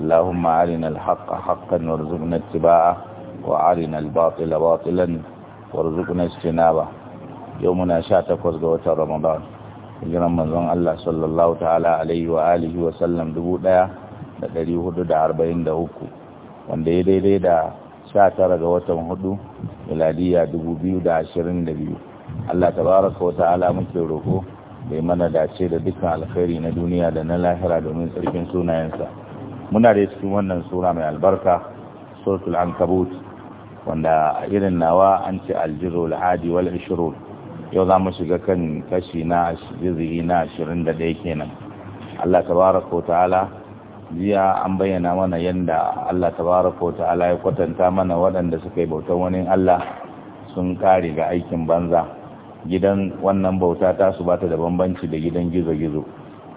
اللهم أرنا الحق حقا وارزقنا اتباعه وأرنا الباطل باطلا وارزقنا اجتنابه يومنا شاتك وزقوة رمضان hijiran manzon Allah sallallahu ta'ala alaihi wa alihi wa sallam uku, wanda ya daidai da sha tara ga watan hudu miladiya biyu. Allah tabaraka wata ta'ala muke roko mai mana dace da dukkan alkhairi na duniya da na lahira domin tsarkin sunayensa muna da cikin wannan sura mai albarka suratul ankabut wanda irin nawa an ce aljiru alhadi wal ishrun yau za mu shiga kan kashi na ashirin na 21 kenan Allah tabaraka wa ta'ala jiya an bayyana mana yadda Allah tabaraka wa ta'ala ya kwatanta mana waɗanda suka yi bautan wani Allah sun kare ga aikin banza gidan wannan bauta ta su bata da bambanci da gidan gizo-gizo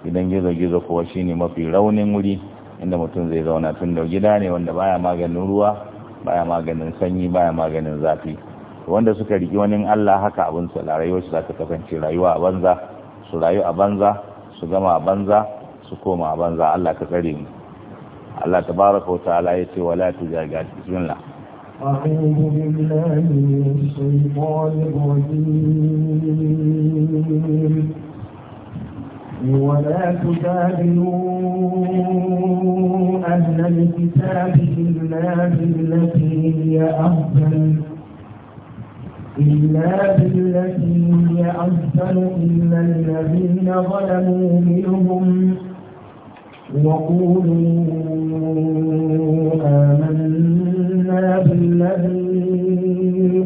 gidan gizo-gizo kuwa shine mafi raunin wuri inda mutum zai zauna tun da gida ne wanda baya maganin ruwa baya maganin sanyi baya maganin zafi wanda suka riki wani Allah haka abin su rayuwar su za ta kasance rayuwa a banza su rayu a banza su gama a banza su koma a banza Allah ka tsare mu Allah tabaraka wa ta'ala ya ce wala tujaga bismillah أعوذ بالله من الشيطان الرجيم ولا تجادلوا أهل الكتاب إلا بالتي هي أفضل إلا بالتي هي أفضل إلا الذين ظلموا منهم وقولوا آمنا بالذي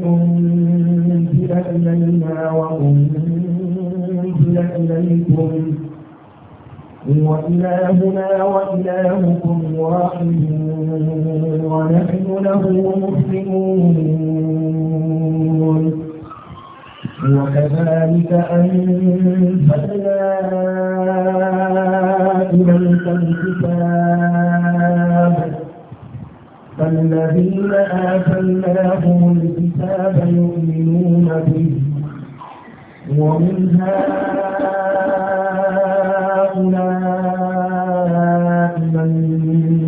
أنزل إلينا وأنزل إليكم وإلهنا وإلهكم واحد ونحن له مسلمون وكذلك أنزلنا إليك الكتاب فالذين آتيناهم الكتاب يؤمنون به ومن هؤلاء هؤلاء من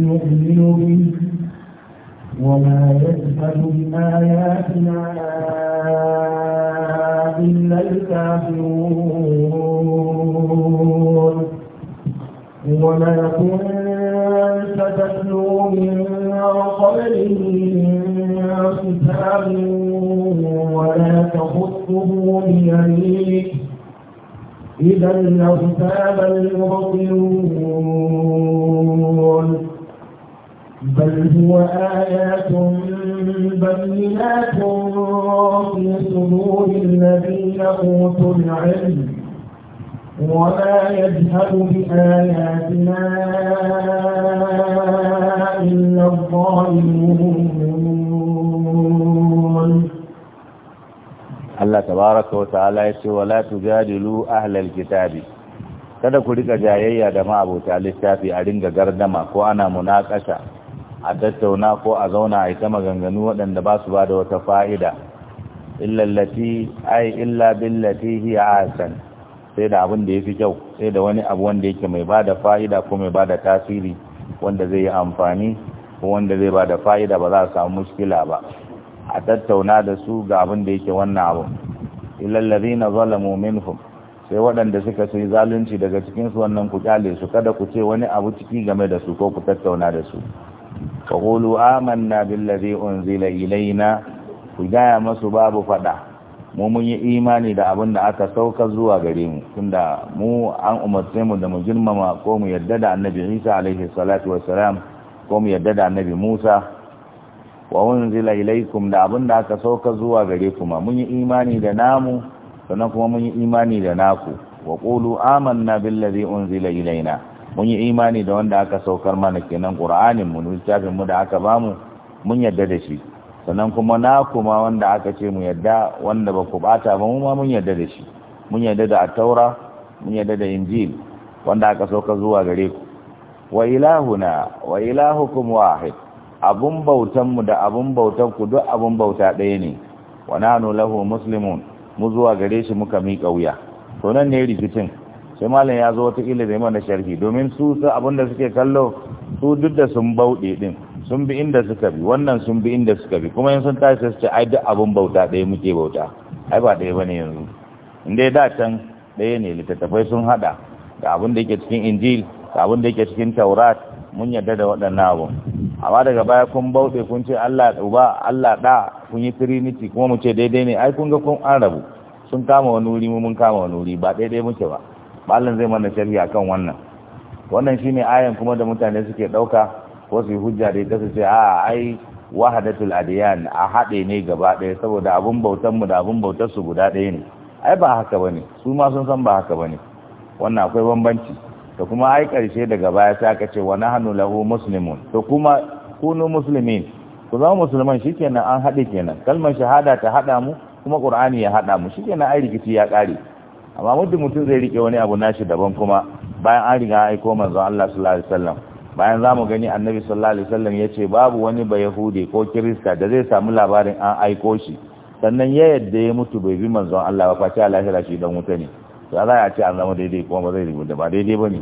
يؤمن به وما يجهل بآياتنا إلا الكافرون وما كنت تتلو من قبله من كتاب ولا تخطه إذا الأغتاب المبطلون بل هو آيات بينات في صدور الذين أوتوا العلم وما يجهد بآياتنا إلا الظالمون Allah tabaraka wa ta'ala ya ce wala tujadilu ahlal kitabi kada ku rika jayayya da ma'abota littafi a ringa gardama ko ana munakasha a tattauna ko a zauna a ita maganganu waɗanda ba su ba da wata fa'ida illallati ai illa billati hi asan sai da abin da yafi kyau sai da wani abu wanda yake mai bada fa'ida ko mai ba tasiri wanda zai yi amfani ko wanda zai ba fa'ida ba za a samu mushkila ba a tattauna da su ga abin da yake wannan abu ilallazi na zalamu minhum sai waɗanda suka sayi zalunci daga cikinsu wannan ku kyale su kada ku ce wani abu ciki game da su ko ku tattauna da su ka hulu amanna billazi unzila ilaina ku gaya masu babu faɗa mu mun yi imani da abin da aka sauka zuwa gare mu tunda mu an umarce mu da mu girmama ko mu yadda da annabi isa alaihi salatu wassalam ko mu yarda da annabi musa wa unzila ilaikum da abin da aka sauka zuwa gare ku ma mun yi imani da namu sannan kuma mun yi imani da naku wa qulu amanna billazi unzila ilaina mun yi imani da wanda aka saukar mana kenan qur'anin mu littafin mu da aka bamu mun yadda da shi sannan kuma naku ma wanda aka ce mu yadda wanda ba ku bata ba mu ma mun yadda da shi mun yadda da taura mun yadda da injil wanda aka sauka zuwa gare ku wa ilahuna wa ilahukum wahid abun bautanmu da abun bautanku duk abun bauta ɗaya ne wa nanu lahu muslimun mu zuwa gare shi muka miƙa wuya to nan ne rikicin sai malam ya zo wata ƙila zai mana sharhi domin su su abun da suke kallo su duk da sun bauɗe ɗin, sun bi inda suka bi wannan sun bi inda suka bi kuma in sun tashi sai su ce ai duk abun bauta ɗaya muke bauta ai ba ɗaya bane yanzu in dai da can ɗaya ne littattafai sun haɗa da abun da yake cikin injil da abun da yake cikin taurat mun yarda da waɗannan abun amma daga baya kun bauɗe kun ce Allah uba Allah da kun yi trinity kuma mu ce daidai ne ai kun ga kun an rabu sun kama wani wuri mun kama wani wuri ba daidai muke ba mallan zai mana sharhi kan wannan wannan shine ayan kuma da mutane suke ɗauka ko su yi hujja da ita su ce a ai wahadatul adiyan a haɗe ne gaba ɗaya saboda abun bautan mu da abun bautar su guda ɗaya ne ai ba haka bane su ma sun san ba haka bane wannan akwai bambanci da kuma ai karshe daga baya sai aka ce wa nahnu lahu muslimun to kuma kunu muslimin ku zama musulman shikenan an haɗe kenan kalmar shahada ta haɗa mu kuma qur'ani ya haɗa mu shikenan ai rikici ya kare amma muddin mutum zai rike wani abu nashi daban kuma bayan an riga aiko manzon Allah sallallahu alaihi wasallam bayan zamu gani annabi sallallahu alaihi wasallam yace babu wani ba yahudi ko kirista da zai samu labarin an aiko shi sannan ya yadda ya mutu bai bi manzon Allah ba face Allah shi dan wuta ne ya za a ce an zama daidai kuma ba zai rubuta ba daidai ba ne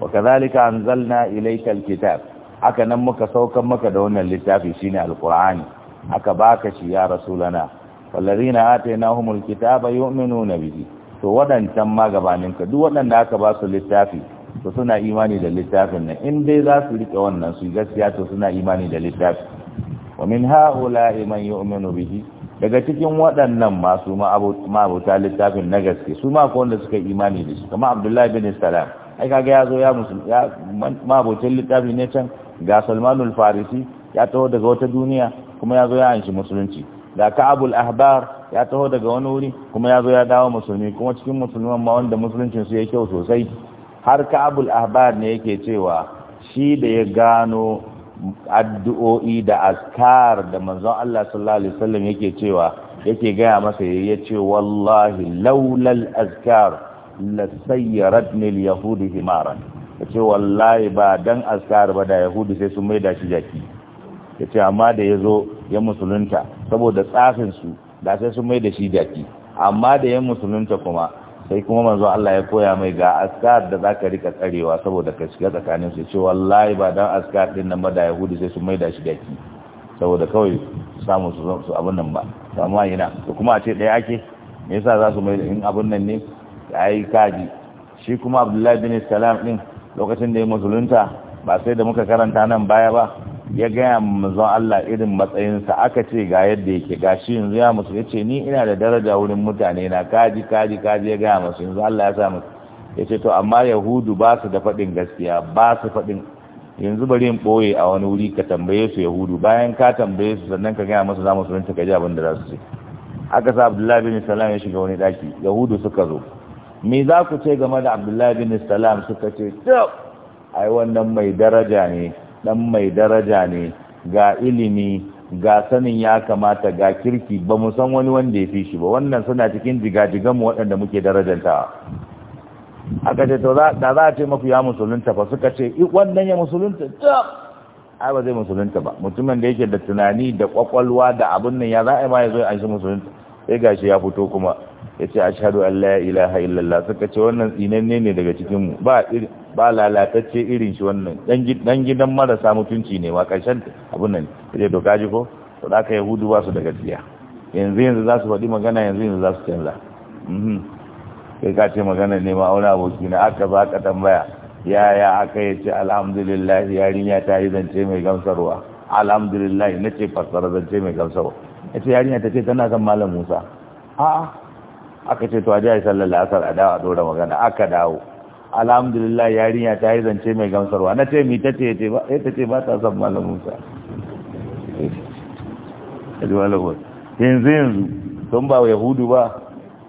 wa kazalika anzalna ilaikal kitab aka nan muka saukan maka da wannan littafi shi ne alkur'ani aka baka shi ya rasulana wallazina yi kitaba na bihi to waɗancan magabaninka duk waɗanda aka ba su littafi to suna imani da littafin nan in dai za su riƙe wannan su gaskiya to suna imani da littafi wa min ha'ula'i man yu'minu bihi daga cikin waɗannan masu ma'abuta littafin na gaske su ma ko wanda suka imani da shi kama abdullahi bin salam ai kaga ya zo ya ma'abutan littafi ne can ga salmanul farisi ya taho daga wata duniya kuma ya zo ya anshi musulunci ga ka'abul ahbar ya taho daga wani wuri kuma ya zo ya dawo musulmi kuma cikin musulman ma wanda musuluncin su ya kyau sosai har ka'abul ahbar ne yake cewa shi da ya gano addu'o'i da askar da manzon Allah sallallahu alaihi wasallam yake cewa yake gaya masa ya ce wallahi laulal azkar lasayyaratni al-yahudi himaran yace wallahi ba dan askar ba da yahudu sai sun maida shi jaki yace amma da ya zo ya musulunta saboda tsafinsu da sai sun maida shi jaki amma da ya musulunta kuma sai kuma manzo Allah ya koya mai ga askar da ka rika tsarewa saboda ka shiga tsakanin su ce wallahi ba dan askar din nan ba da yahudi sai su maida shi daki saboda kawai samu su su abun nan ba amma yana to kuma a ce daya ake me yasa za su mai in abun nan ne ai kaji shi kuma Abdullahi bin Salam din lokacin da ya musulunta ba sai da muka karanta nan baya ba ya gaya manzon Allah irin matsayinsa aka ce ga yadda yake gashi yanzu ya musu yace ni ina da daraja wurin mutane na kaji kaji kaji ya gaya musu yanzu Allah ya sa musu ce to amma yahudu ba su da faɗin gaskiya ba su faɗin yanzu bari in ɓoye a wani wuri ka tambaye su yahudu bayan ka tambaye su sannan ka gaya musu za mu sunanta ka ji abin da za su ce aka sa Abdullahi bin Salam ya shiga wani ɗaki. yahudu suka zo me za ku ce game da Abdullahi bin Salam suka ce to ai wannan mai daraja ne dan mai daraja ne ga ilimi ga sanin ya kamata ga kirki ba mu san wani wanda ya fi shi ba wannan suna cikin jigajiganmu waɗanda muke darajanta aka ce to da za a ce maku ya musulunta fa suka ce wannan ya musulunta ta ai ba zai musulunta ba mutumin da yake da tunani da kwakwalwa da abin nan ya za a yi ma ya zo ya an shi musulunta sai gashi ya fito kuma ya ce ashadu Allah ya ilaha illallah suka ce wannan tsinanne ne daga cikinmu ba lalatacce irin shi wannan dan gidan marasa mutunci ne ma ƙarshen abin nan ya ce doka ji ko su da aka yahudu ba su da gaskiya yanzu yanzu za su faɗi magana yanzu yanzu za su canza mhm. kai ka ce magana ne ma auna aboki na aka ba ka tambaya ya ya aka yi ce alhamdulillah yarinya ta yi zance mai gamsarwa alhamdulillah na ce fassara zance mai gamsarwa ya ce yarinya ta ce tana kan malam musa a'a aka ce to a jihar sallar asar a dawo a ɗora magana aka dawo alhamdulillah yarinya ta yi zance mai gamsarwa na ce mi ta ce ta ce ba eh, ta son malam musa yanzu yanzu sun ba wa yahudu ba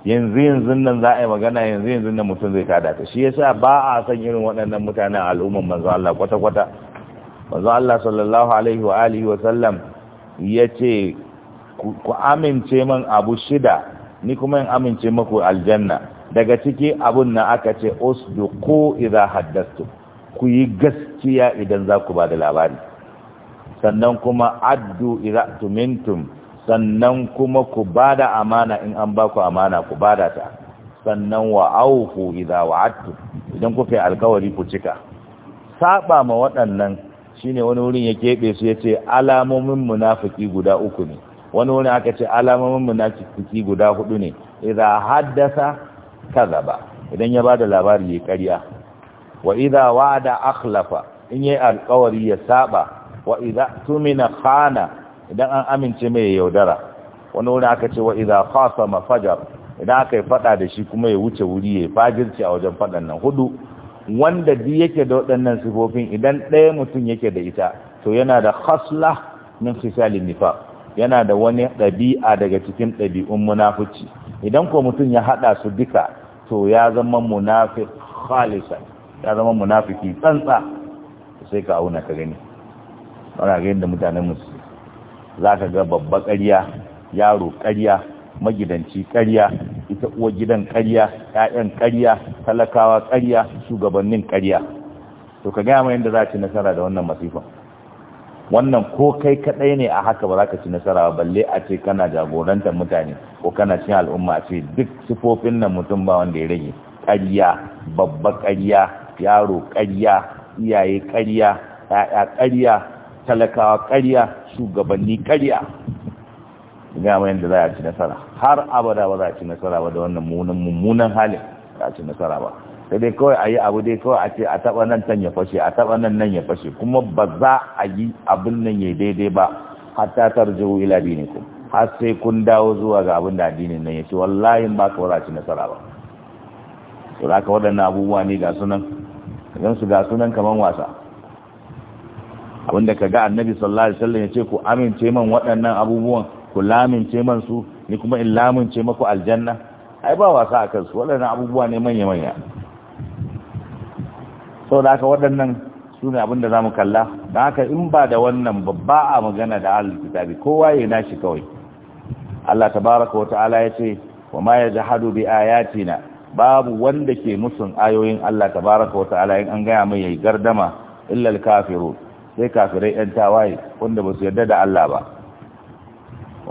yanzu yanzu nan za a yi magana yanzu yanzu nan mutum zai kada ta shi yasa ba a san irin waɗannan mutanen al'umman manzo Allah kwata-kwata manzo Allah sallallahu alaihi wa alihi wa sallam yace ku amince man abu shida ni kuma in amince maku aljanna daga ciki abun na aka ce usduqu idza haddastu ku yi gaskiya idan za ku ba da labari sannan kuma addu idza sannan kuma ku ba da amana in an ba ku amana ku ba ta sannan wa aufu idza wa'adtu idan ku kai alkawari ku cika saba ma waɗannan shine wani wurin ya keɓe su yace alamomin munafiki guda uku ne wani wani aka ce alamomin munafiki guda hudu ne idza haddasa kadhaba idan ya bada labari ya ƙarya wa idza wa'ada akhlafa in yayi alƙawari ya saba wa idza tumina khana idan an amince mai yaudara wani wani aka ce wa idza khasama fajar idan aka yi fada da shi kuma ya wuce wuri ya fajirci a wajen fadan nan hudu wanda bi yake da waɗannan sifofin idan ɗaya mutum yake da ita to yana da khasla min khisalin nifaq yana da wani ɗabi'a daga cikin ɗabi'un munafuci idan ko mutum ya haɗa su duka to ya zama munafi ya zama munafiki tsantsa sai ka auna ka gani ana ga yadda mutanen musu za ka ga babba karya, yaro karya, magidanci karya, ita uwa gidan ƙarya ƴaƴan ƙarya talakawa ƙarya shugabannin karya, to ka gaya mai yadda za ci nasara da wannan masifan wannan ko kai kaɗai ne a haka ba za ka ci nasara ba balle a ce kana jagorantar mutane ko kana cin al'umma a ce duk sifofin nan mutum ba wanda ya rage ƙarya babba ƙarya yaro ƙarya iyaye ƙarya ƴaƴa ƙarya talakawa ƙarya shugabanni ƙarya ga mai yadda za a ci nasara har abada ba za a ci nasara ba da wannan mummunan halin za a ci nasara ba sai dai kawai a yi abu dai kawai a ce a taɓa nan can ya fashe a taɓa nan nan ya fashe kuma ba za a yi abin nan ya daidai ba hatta tarjihu ila ku har sai kun dawo zuwa ga abin da addinin nan ya ce wallahi ba ka wara ci nasara ba to ka waɗannan abubuwa ne ga sunan idan su ga sunan kaman wasa abinda ka ga annabi sallallahu alaihi wasallam ya ce ku amince man waɗannan abubuwan ku lamince man su ni kuma in lamince maku aljanna ai ba wasa akan su waɗannan abubuwa ne manya manya sau da aka waɗannan su ne abinda za mu kalla da haka in ba da wannan babba a magana da alkitabi kowa ya nashi kawai Allah Ta baraka wata'ala ya ce wa ma ya jihadu bi ayatina babu wanda ke musun ayoyin Allah Ta baraka wata'ala in an gaya mai yayi gardama illal kafiru sai kafirai yan tawaye wanda ba su yarda da Allah ba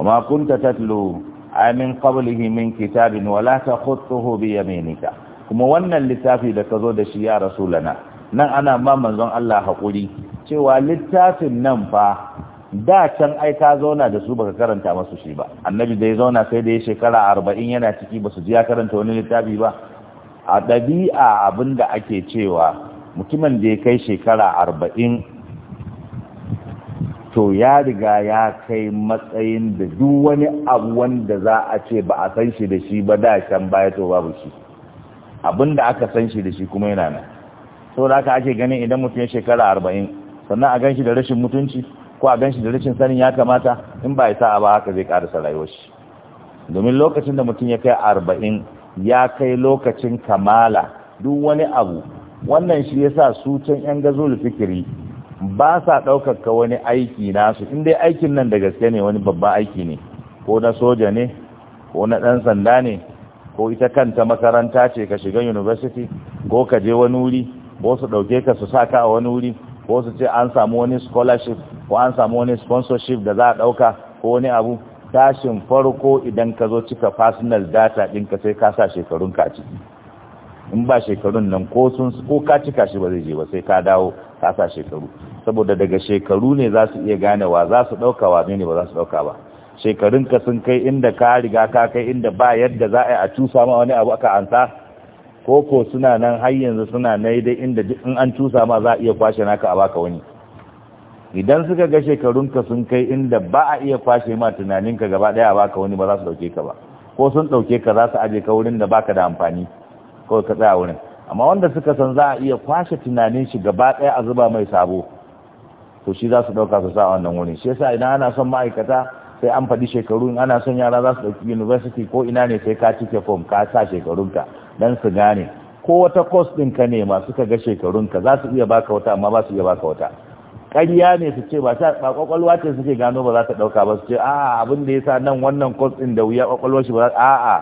wa ma kunta tatlu amin qablihi min kitabin wala takhutuhu bi yaminika kuma wannan littafi da ka zo da shi ya rasu rasulana nan ana ma manzon Allah haƙuri cewa littafin nan fa da can ai ka zauna da su baka karanta masu shi ba annabi da ya zauna sai da ya shekara arba'in yana ciki ba su ji ya karanta wani littafi ba a ɗabi'a abin da ake cewa mutumin da ya kai shekara arba'in to ya riga ya kai matsayin da duk wani abu wanda za a ce ba a san shi da shi ba da can baya to babu shi abin da aka san shi da shi kuma yana nan sau da aka ake ganin idan mutum ya shekara arba'in sannan a gan shi da rashin mutunci ko a gan shi da rashin sanin ya kamata in ba ya a ba haka zai karasa rayuwar shi domin lokacin da mutum ya kai arba'in ya kai lokacin kamala duk wani abu wannan shi ya sa su can yan da fikiri ba sa ɗaukar wani aiki nasu in dai aikin nan da gaske ne wani babban aiki ne ko na soja ne ko na ɗan sanda ne ko ita kanta makaranta ce ka shiga university ko ka je wani wuri ko su ɗauke ka su sa a wani wuri ko su ce an samu wani scholarship ko an samu wani sponsorship da za a ɗauka ko wani abu tashin farko idan ka zo cika personal data ɗinka sai ka sa shekarun ka ciki in ba shekarun nan ko sun ko ka cika shi ba zai je ba sai ka dawo ka sa shekaru saboda daga shekaru ne za su iya ganewa za su ɗauka wa ne ba za su ɗauka ba shekarunka sun kai inda ka riga ka kai inda ba yadda za a yi a cusa ma wani abu aka ansa ko ko suna nan har yanzu suna na dai inda in an cusa ma za a iya kwashe naka a baka wani idan suka ga shekarunka sun kai inda ba a iya kwashe ma tunaninka gaba daya a baka wani ba za su dauke ka ba ko sun dauke ka za su aje ka wurin da baka da amfani ko ka tsaya wurin amma wanda suka san za a iya kwashe tunanin shi gaba daya a zuba mai sabo to shi za su dauka su sa wannan wurin shi yasa idan ana son ma'aikata sai an faɗi shekaru ana son yara za su ɗauki university ko ina ne sai ka cike form ka sa shekarunka don su gane ko wata course din ka ne masu ka ga shekarunka za su iya baka wata amma ba su iya baka wata ƙarya ne su ce ba ta ba kwakwalwa ce suke gano ba za ta ɗauka ba su ce a abin da ya sa nan wannan course din da wuya kwakwalwa shi ba za a a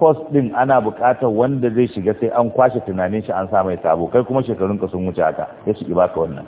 course din ana buƙatar wanda zai shiga sai an kwashe tunanin shi an sa mai sabo kai kuma shekarunka sun wuce haka ya su baka wannan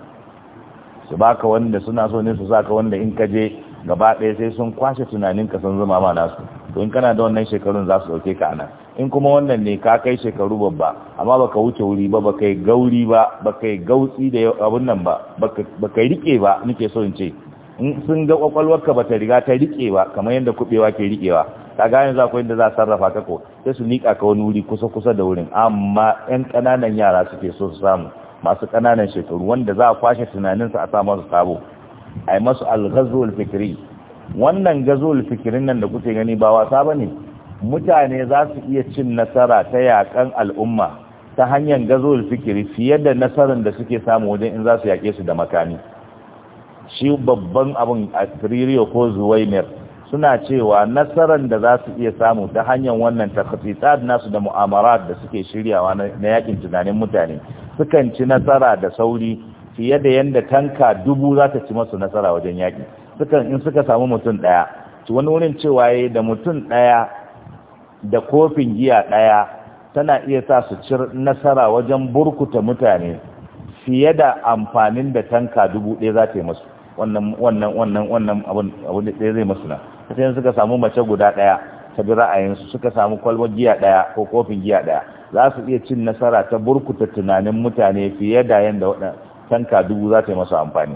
su baka wanda suna so ne su saka wanda in ka je gaba ɗaya sai sun kwashe tunanin ka sun zama ma nasu to in kana da wannan shekarun za su ɗauke ka anan in kuma wannan ne ka kai shekaru babba amma baka wuce wuri ba baka yi gauri ba baka yi gautsi da abun nan ba baka yi rike ba nake so in ce in sun ga kwakwalwarka ka bata riga ta rike ba kamar yadda kuɓewa ke rikewa ka gane za ku yadda za a sarrafa ka ko sai su nika ka wani wuri kusa kusa da wurin amma yan ƙananan yara suke so su samu masu ƙananan shekaru wanda za a kwashe tunaninsa a sa masu sabo ai masu al-ghazwul fikri wannan gazul fikrin nan da kuke gani ba wasa bane mutane za su iya cin nasara ta yakan al'umma ta hanyar gazul fikri fiye da nasarar da suke samu wajen in za su yake su da makami shi babban abin asiriyo ko zuwaimir suna cewa nasarar da za su iya samu ta hanyar wannan takasisar nasu da mu'amara da suke shiryawa na yakin tunanin mutane sukan ci nasara da sauri fiye da yadda tanka dubu za ta ci masu nasara wajen yaƙi sukan in suka samu mutum ɗaya to wani wurin cewa ya da mutum ɗaya da kofin giya ɗaya tana iya sa su cir nasara wajen burkuta mutane fiye da amfanin da tanka dubu ɗaya za ta yi masu wannan wannan wannan wannan abin ɗaya zai masu na sai suka samu mace guda ɗaya ta bi ra'ayinsu suka samu kwalbar giya ɗaya ko kofin giya ɗaya za su iya cin nasara ta burkuta tunanin mutane fiye da yadda tanka dubu za ta yi masa amfani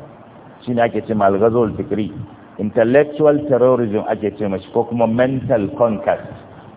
shi ne ake ce malgazol fikri intellectual terrorism ake ce mashi ko kuma mental conquest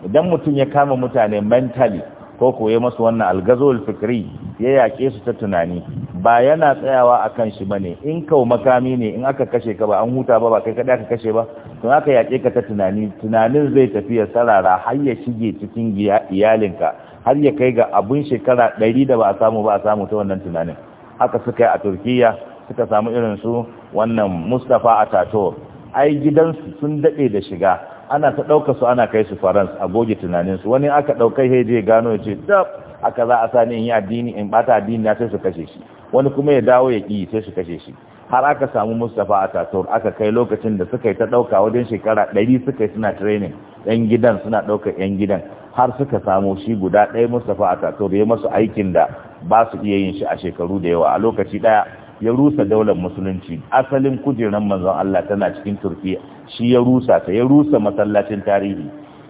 idan mutum ya kama mutane mentally ko ya masu wannan algazol fikri ya yaƙe su ta tunani ba yana tsayawa a kan shi ba ne in kau makami ne in aka kashe ka ba an huta ba ba kai kaɗa aka kashe ba tun aka yaƙe ka ta tunani tunanin zai tafi ya sarara har ya shige cikin iyalinka har ya kai ga abun shekara ɗari da ba a samu ba a samu ta wannan tunanin haka suka yi a turkiya suka samu irin su wannan mustapha atatur ai gidansu sun daɗe da shiga ana ta ɗauka su ana kai su farans a goge tunaninsu wani aka ɗaukai ya gano ya ce dab aka za a sani in yi addini in bata addini na sai su kashe shi wani kuma ya dawo ya ƙi sai su kashe shi har aka samu mustapha atatur aka kai lokacin da suka yi ta ɗauka wajen shekara ɗari suka yi suna training yan gidan suna ɗaukar yan gidan har suka samu shi guda ɗaya Mustapha a da ya masu aikin da ba su iya yin shi a shekaru da yawa a lokaci ɗaya ya rusa daular musulunci asalin kujerar manzon Allah tana cikin Turkiya shi ya rusa ta ya rusa masallacin tarihi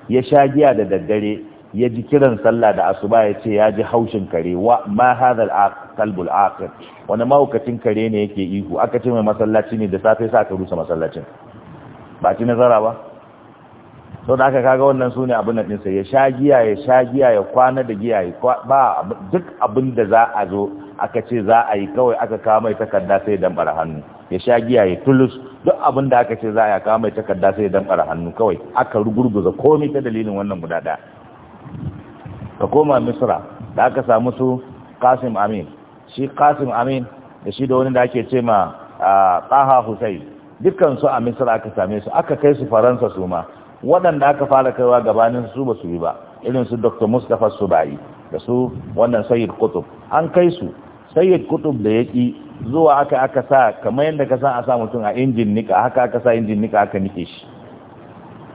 ya sha giya da daddare ya ji kiran sallah da asuba ya ce ya ji haushin kare wa ma hadal kalbul wani mahaukacin kare ne yake ihu aka ce mai masallaci ne da safe sa ka rusa masallacin ba ci nazara ba sau da aka kaga wannan su ne abin da ɗinsa ya sha giya ya sha giya ya kwana da giya ya ba duk abin da za a zo aka ce za a yi kawai aka kawo mai takarda sai damɓara hannu ya sha giya ya tulus duk abin da aka ce za a yi kawo mai takarda sai damɓara hannu kawai aka rugurguza komai ta dalilin wannan guda ɗaya ka koma misra da aka samu su kasim amin shi kasim amin da shi da wani da ake ce ma ah, taha hussein dukkan su a misra aka same su aka kai su faransa su ma waɗanda aka fara kaiwa gabanin su ba su yi ba irin su dr mustapha subayi da su wannan sayyid kutub an kai su sayid kutub da ya ƙi zuwa aka aka sa kamar yadda ka san a sa mutum a injin nika haka aka sa injin nika aka nike shi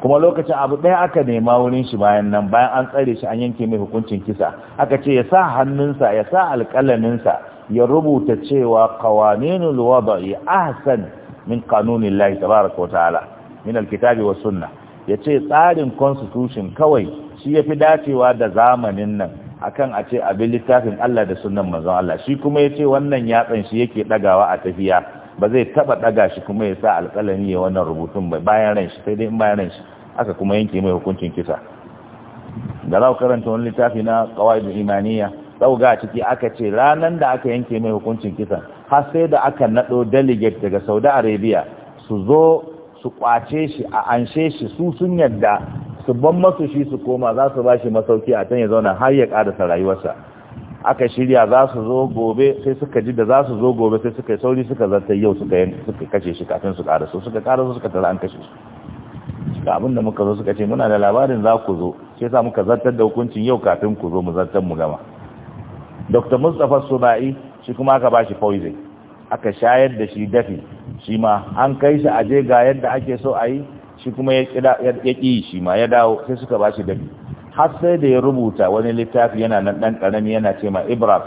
kuma lokacin abu ɗaya aka nema wurin shi bayan nan bayan an tsare shi an yanke mai hukuncin kisa aka ce ya sa hannunsa ya sa alƙalaminsa ya rubuta cewa qawaninul wada'i ahsan min qanunillahi tabaaraka wa ta'ala min alkitabi was sunnah ya ce tsarin constitution kawai shi ya fi dacewa da zamanin nan akan a ce abin littafin Allah da sunan mazan Allah shi kuma ya ce wannan yatsan shi yake dagawa a tafiya ba zai taba daga shi kuma ya sa alƙalami ya wannan rubutun ba bayan ran shi sai dai in bayan ran shi aka kuma yanke mai hukuncin kisa da za ku karanta wani littafi na ƙawaidun imaniya ɗauga ciki aka ce ranar da aka yanke mai hukuncin kisa har sai da aka naɗo delegate daga saudi arabia su zo su kwace shi a anshe shi su sun yadda su ban masu shi su koma za su ba shi masauki a can ya zauna har ya karasa rayuwarsa aka shirya za su zo gobe sai suka ji da za su zo gobe sai suka yi sauri suka zarta yau suka kashe shi kafin su ƙaraso suka su suka tara an kashe shi ga abin da muka zo suka ce muna da labarin za ku zo sai sa muka zartar da hukuncin yau kafin ku zo mu zartar mu gama dr mustapha Suna'i shi kuma aka ba shi poison aka shayar da shi dafi shi ma an kai shi aje ga yadda ake so a yi shi kuma ya ƙi shi ma ya dawo sai suka ba shi dafi har sai da ya rubuta wani littafi yana nan ɗan ƙarami yana ce ma ibra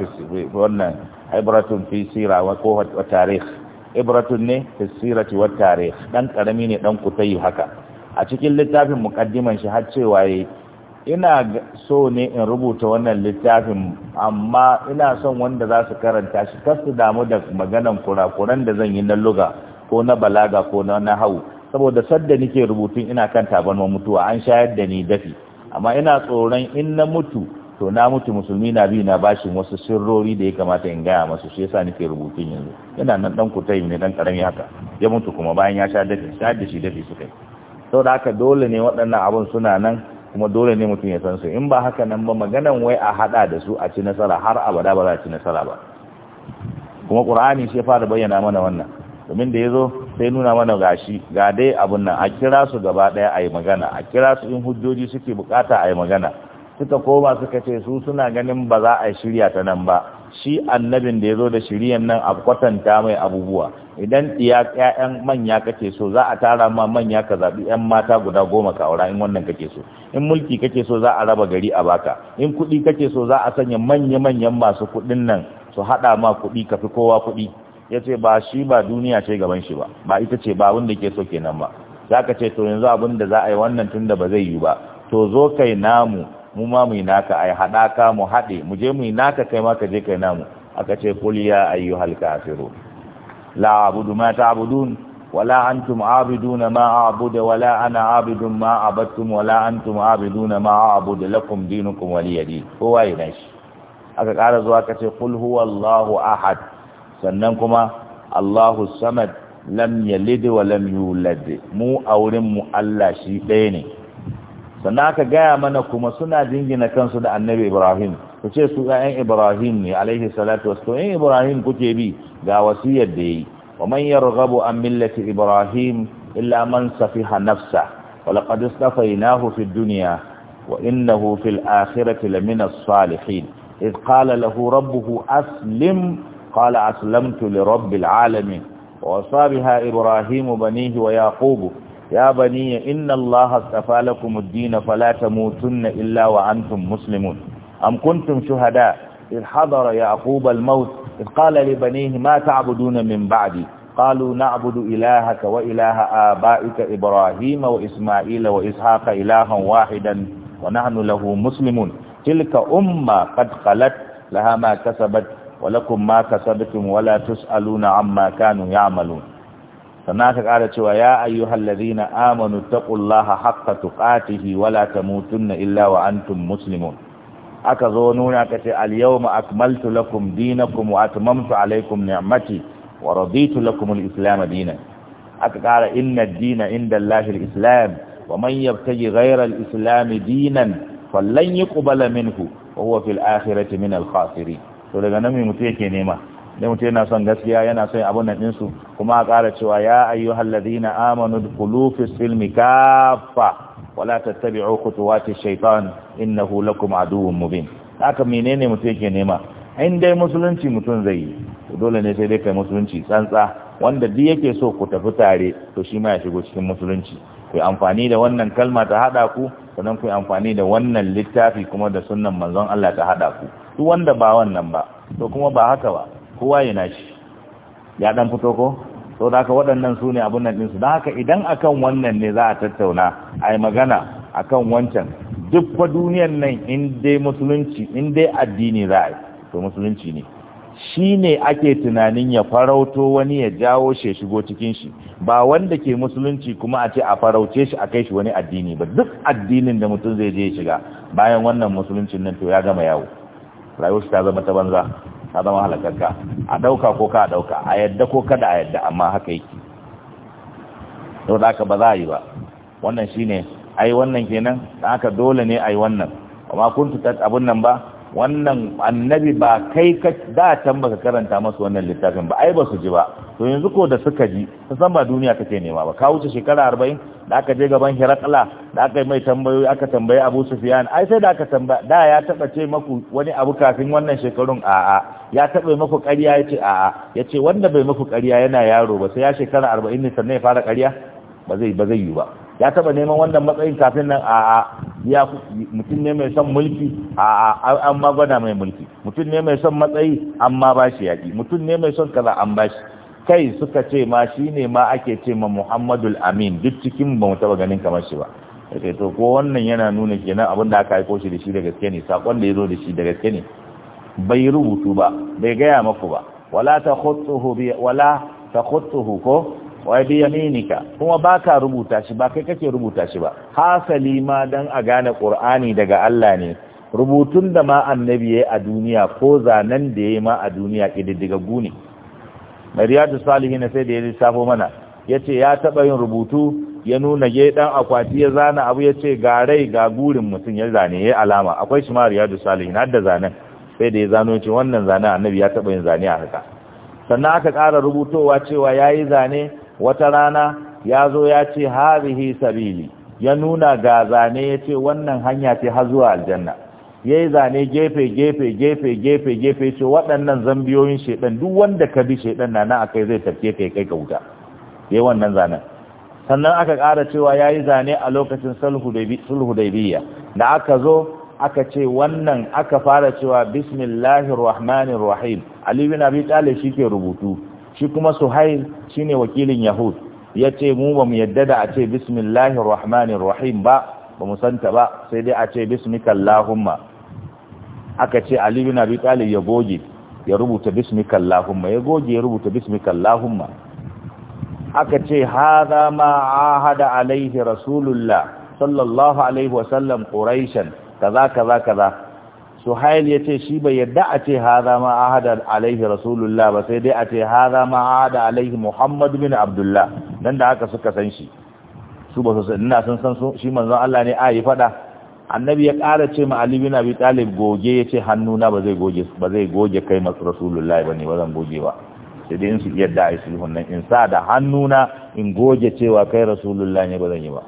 wannan ibratun fi sira ko tarih ibratun ne fi wa tarih ɗan ƙarami ne dan kutayi haka a cikin littafin muƙaddiman shi har cewa ya ina so ne in rubuta wannan littafin amma ina son wanda za su karanta shi kar su damu da maganan kurakuran da zan yi na luga ko na balaga ko na hawu saboda sadda nike rubutun ina kan tabarma mutuwa an shayar da ni dafi amma ina tsoron in na mutu to na mutu musulmi na biyu na bashin wasu sirrori da ya kamata in gaya masu shi yasa nike rubutun yanzu yana nan dan kutai ne dan karami haka ya mutu kuma bayan ya sha dafi da shi dafi suka yi saboda haka dole ne waɗannan abun suna nan kuma dole ne mutum ya san su in ba haka nan ba maganan wai a hada da su a ci nasara har abada ba za a ci nasara ba kuma qur'ani shi ya fara bayyana mana wannan domin da yazo sai nuna mana gashi ga dai abun nan a kira su gaba daya ayi magana a kira su in hujjoji suke bukata ayi magana suka koma suka ce su suna ganin ba za a shirya ta nan ba shi annabin da ya zo da shiriyan nan a kwatanta mai abubuwa idan ƴaƴan manya kake so za a tara ma manya ka zaɓi ƴan mata guda goma ka aura in wannan kake so in mulki kake so za a raba gari a baka in kuɗi kake so za a sanya manya-manyan masu kuɗin nan su haɗa ma kuɗi ka fi kowa kuɗi ya ce ba shi ba duniya ce gaban shi ba ba ita ce ba abin da ke so kenan ba za ka ce to yanzu abin da za a yi wannan tun da ba zai yi ba to zo kai namu mu ma mu yi naka ai haɗaka mu haɗe mu je mu yi naka kai ma ka je kai namu aka ce qul ya ayyuhal kafirun la a'budu ma ta'budun wala antum a'biduna ma a'budu wala ana a'budun ma abattum wala antum a'biduna ma a'budu lakum dinukum waliyadi kowa yana shi aka ƙara zuwa ka ce qul huwallahu ahad sannan kuma Allahu samad lam yalid wa lam yulad mu auren mu Allah shi ɗaya ne sannan aka gaya mana kuma suna jingina kansu da annabi ibrahim ku ce su ƴaƴan ibrahim ne alaihi salatu wasu ƴan eh, ibrahim kuke bi ga wasiyar da yi wa man rabu an millati ibrahim illa man safiha nafsa wa laqad istafaynahu fid duniya. wa innahu fil akhirati lamina as-salihin id qala lahu rabbuhu aslim qala aslamtu li rabbil alamin wa wasa biha ibrahim banihi wa Yaqubu? يا بني إن الله استفى لكم الدين فلا تموتن إلا وأنتم مسلمون أم كنتم شهداء إذ حضر يعقوب الموت إذ قال لبنيه ما تعبدون من بعدي قالوا نعبد إلهك وإله آبائك إبراهيم وإسماعيل وإسحاق إلها واحدا ونحن له مسلمون تلك أمة قد خلت لها ما كسبت ولكم ما كسبتم ولا تسألون عما كانوا يعملون sannan aka ƙara cewa ya ayyuhal ladina amanu taqullaha haqqa tuqatihi wala tamutunna illa wa antum muslimun aka zo nuna ka ce al yawma akmaltu lakum dinakum wa atmamtu alaykum ni'mati wa raditu lakum al islam dinan aka ƙara inna ad-dina inda allahi islam wa man yabtaji ghayra al islam dinan falan yuqbala minhu wa huwa fil akhirati min al khasirin to daga nan mutum yake nema da mutum yana son gaskiya yana son abun nan ɗinsu kuma a ƙara cewa ya ayyu halladina amanu dukulu fi silmi kafa wala na hula kuma innahu lakum aduwwun mubin haka menene mutum yake nema in dai musulunci mutum zai yi dole ne sai dai kai musulunci tsantsa wanda duk yake so ku tafi tare to shi ma ya shigo cikin musulunci ku amfani da wannan kalma ta haɗa ku sannan ku amfani da wannan littafi kuma da sunnan manzon Allah ta haɗa ku duk wanda ba wannan ba to kuma ba haka ba kowa ya nashi ya dan fito ko so da haka waɗannan su ne abin nan ɗinsu don haka idan akan wannan ne za a tattauna a yi magana akan wancan duk fa duniyan nan in dai musulunci in dai addini za a yi to musulunci ne shi ne ake tunanin ya farauto wani ya jawo shi shigo cikin shi ba wanda ke musulunci kuma a ce a farauce shi a kai shi wani addini ba duk addinin da mutum zai je shiga bayan wannan musuluncin nan to ya gama yawo rayuwar ta zama ta banza ka zama halakarka a ɗauka ko ka ɗauka a yadda ko kada a yadda amma haka yake to da aka ba za a yi ba wannan shi ne a yi wannan kenan da aka dole ne a yi wannan amma kun tutar abin nan ba wannan annabi ba kai ka da can ka karanta masu wannan littafin ba ai ba su ji ba to yanzu ko da suka ji ta san ba duniya kake nema ba ka wuce shekara arba'in da aka je gaban Hirakla da aka yi mai tambayoyi aka tambayi Abu Sufyan ai sai da aka tambaya da ya taba ce maku wani abu kafin wannan shekarun a'a ya taba maku ƙarya yace a'a yace wanda bai maku ƙarya yana yaro ba sai ya shekara arba'in ne sannan ya fara ƙarya ba zai ba zai yi ba ya taba neman wannan matsayin kafin nan a ya mutum ne mai son mulki a an ma mai mulki mutum ne mai son matsayi amma ba shi yaki mutum ne mai son kaza an ba shi kai suka ce ma shi ne ma ake ce ma muhammadul amin duk cikin ba mu taba ganin kamar shi ba sai to ko wannan yana nuna kenan abin da aka aiko shi da shi da gaske ne sakon da ya zo da shi da gaske ne bai rubutu ba bai gaya maku ba wala ta wala ta ko wai bi yaminika kuma baka rubuta shi ba kai kake rubuta shi ba hasali ma dan a gane qur'ani daga Allah ne rubutun da ma annabi yayi a duniya ko zanan da yayi ma a duniya kididdiga gune mariyatu salihin sai da ya safo mana yace ya taba yin rubutu ya nuna ge dan akwati ya zana abu yace ga rai ga gurin mutun ya zane yayi alama akwai shi mariyatu salihin har da zanen sai da ya zano ce wannan zanen annabi ya taba yin zane a haka sannan aka ƙara rubutowa cewa yayi zane wata rana ya zo ya ce harihi sabili ya nuna ga zane ya ce wannan hanya ce har zuwa aljanna ya yi zane gefe gefe gefe gefe gefe ce waɗannan zambiyoyin shaidan duk wanda ka bi shaidan na na kai zai tafke kai kai ka wuta ya wannan zanen sannan aka ƙara cewa ya yi zane a lokacin sulhu da aka zo aka ce wannan aka fara cewa bismillahirrahmanirrahim rahmanir rahim ali bin ke rubutu shi kuma suhail ne wakilin yahud ya ce mu ba mu yadda da a ce bismillahir rahmanir rahim ba ba mu santa ba sai dai a ce bismikallahumma aka ce ali bin abi talib ya goge ya rubuta bismikallahumma ya goge ya rubuta bismikallahumma aka ce hadha ma ahada alaihi rasulullah sallallahu alaihi wasallam quraishan kaza kaza kaza suhail ya ce shi bai yadda a ce haza ma hada alaihi rasulullah ba sai dai a ce haza ma hada alaihi muhammadu bin abdullah nan da haka suka san shi su ba su ina sun san shi manzon Allah ne a yi fada annabi ya ƙara ce ma ali bin abi talib goge ya ce hannuna ba zai goge ba zai goge kai masu rasulullah ba ne ba zan goge ba sai dai in su yadda a su hunnan in sa da hannuna in goge cewa kai rasulullah ne ba zan yi ba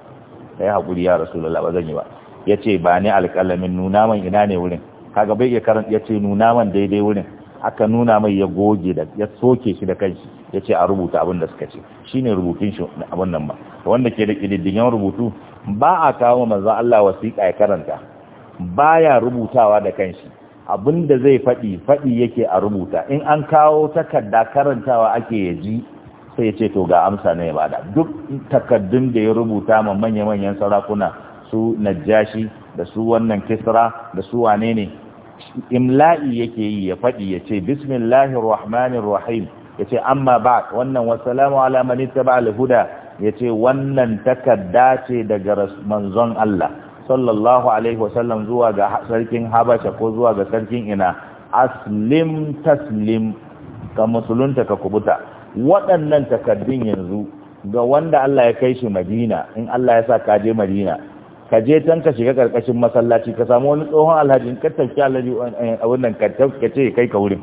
kai hakuri ya rasulullah ba zan yi ba yace ba ni alƙalamin nuna man ina ne wurin kaga bai iya ya yace nuna man daidai wurin aka nuna mai ya goge da ya soke shi da kanshi ya ce a rubuta abin da suka ce shi ne rubutun shi abin nan ba wanda ke da kididdigen rubutu ba a kawo manzan Allah wasiƙa ya karanta baya rubutawa da kanshi abin da zai faɗi faɗi yake a rubuta in an kawo takarda karantawa ake ya ji sai ya ce to ga amsa na ya bada duk takardun da ya rubuta ma manya-manyan sarakuna su najashi da su wannan kisra da su wane ne imla'i yake yi ya faɗi ya ce bismillahir rahmanir rahim ya ce amma ba wannan wasalamu ala man ittaba al ya ce wannan takarda ce daga manzon Allah sallallahu alaihi wasallam zuwa ga sarkin Habasha ko zuwa ga sarkin ina aslim taslim ka musulunta ka kubuta waɗannan takardun yanzu ga wanda Allah ya kai shi Madina in Allah ya sa ka je Madina ka je can ka shiga karkashin masallaci ka samu wani tsohon alhaji ka tafi alhaji eh, a wannan ka ka ce kai ka wurin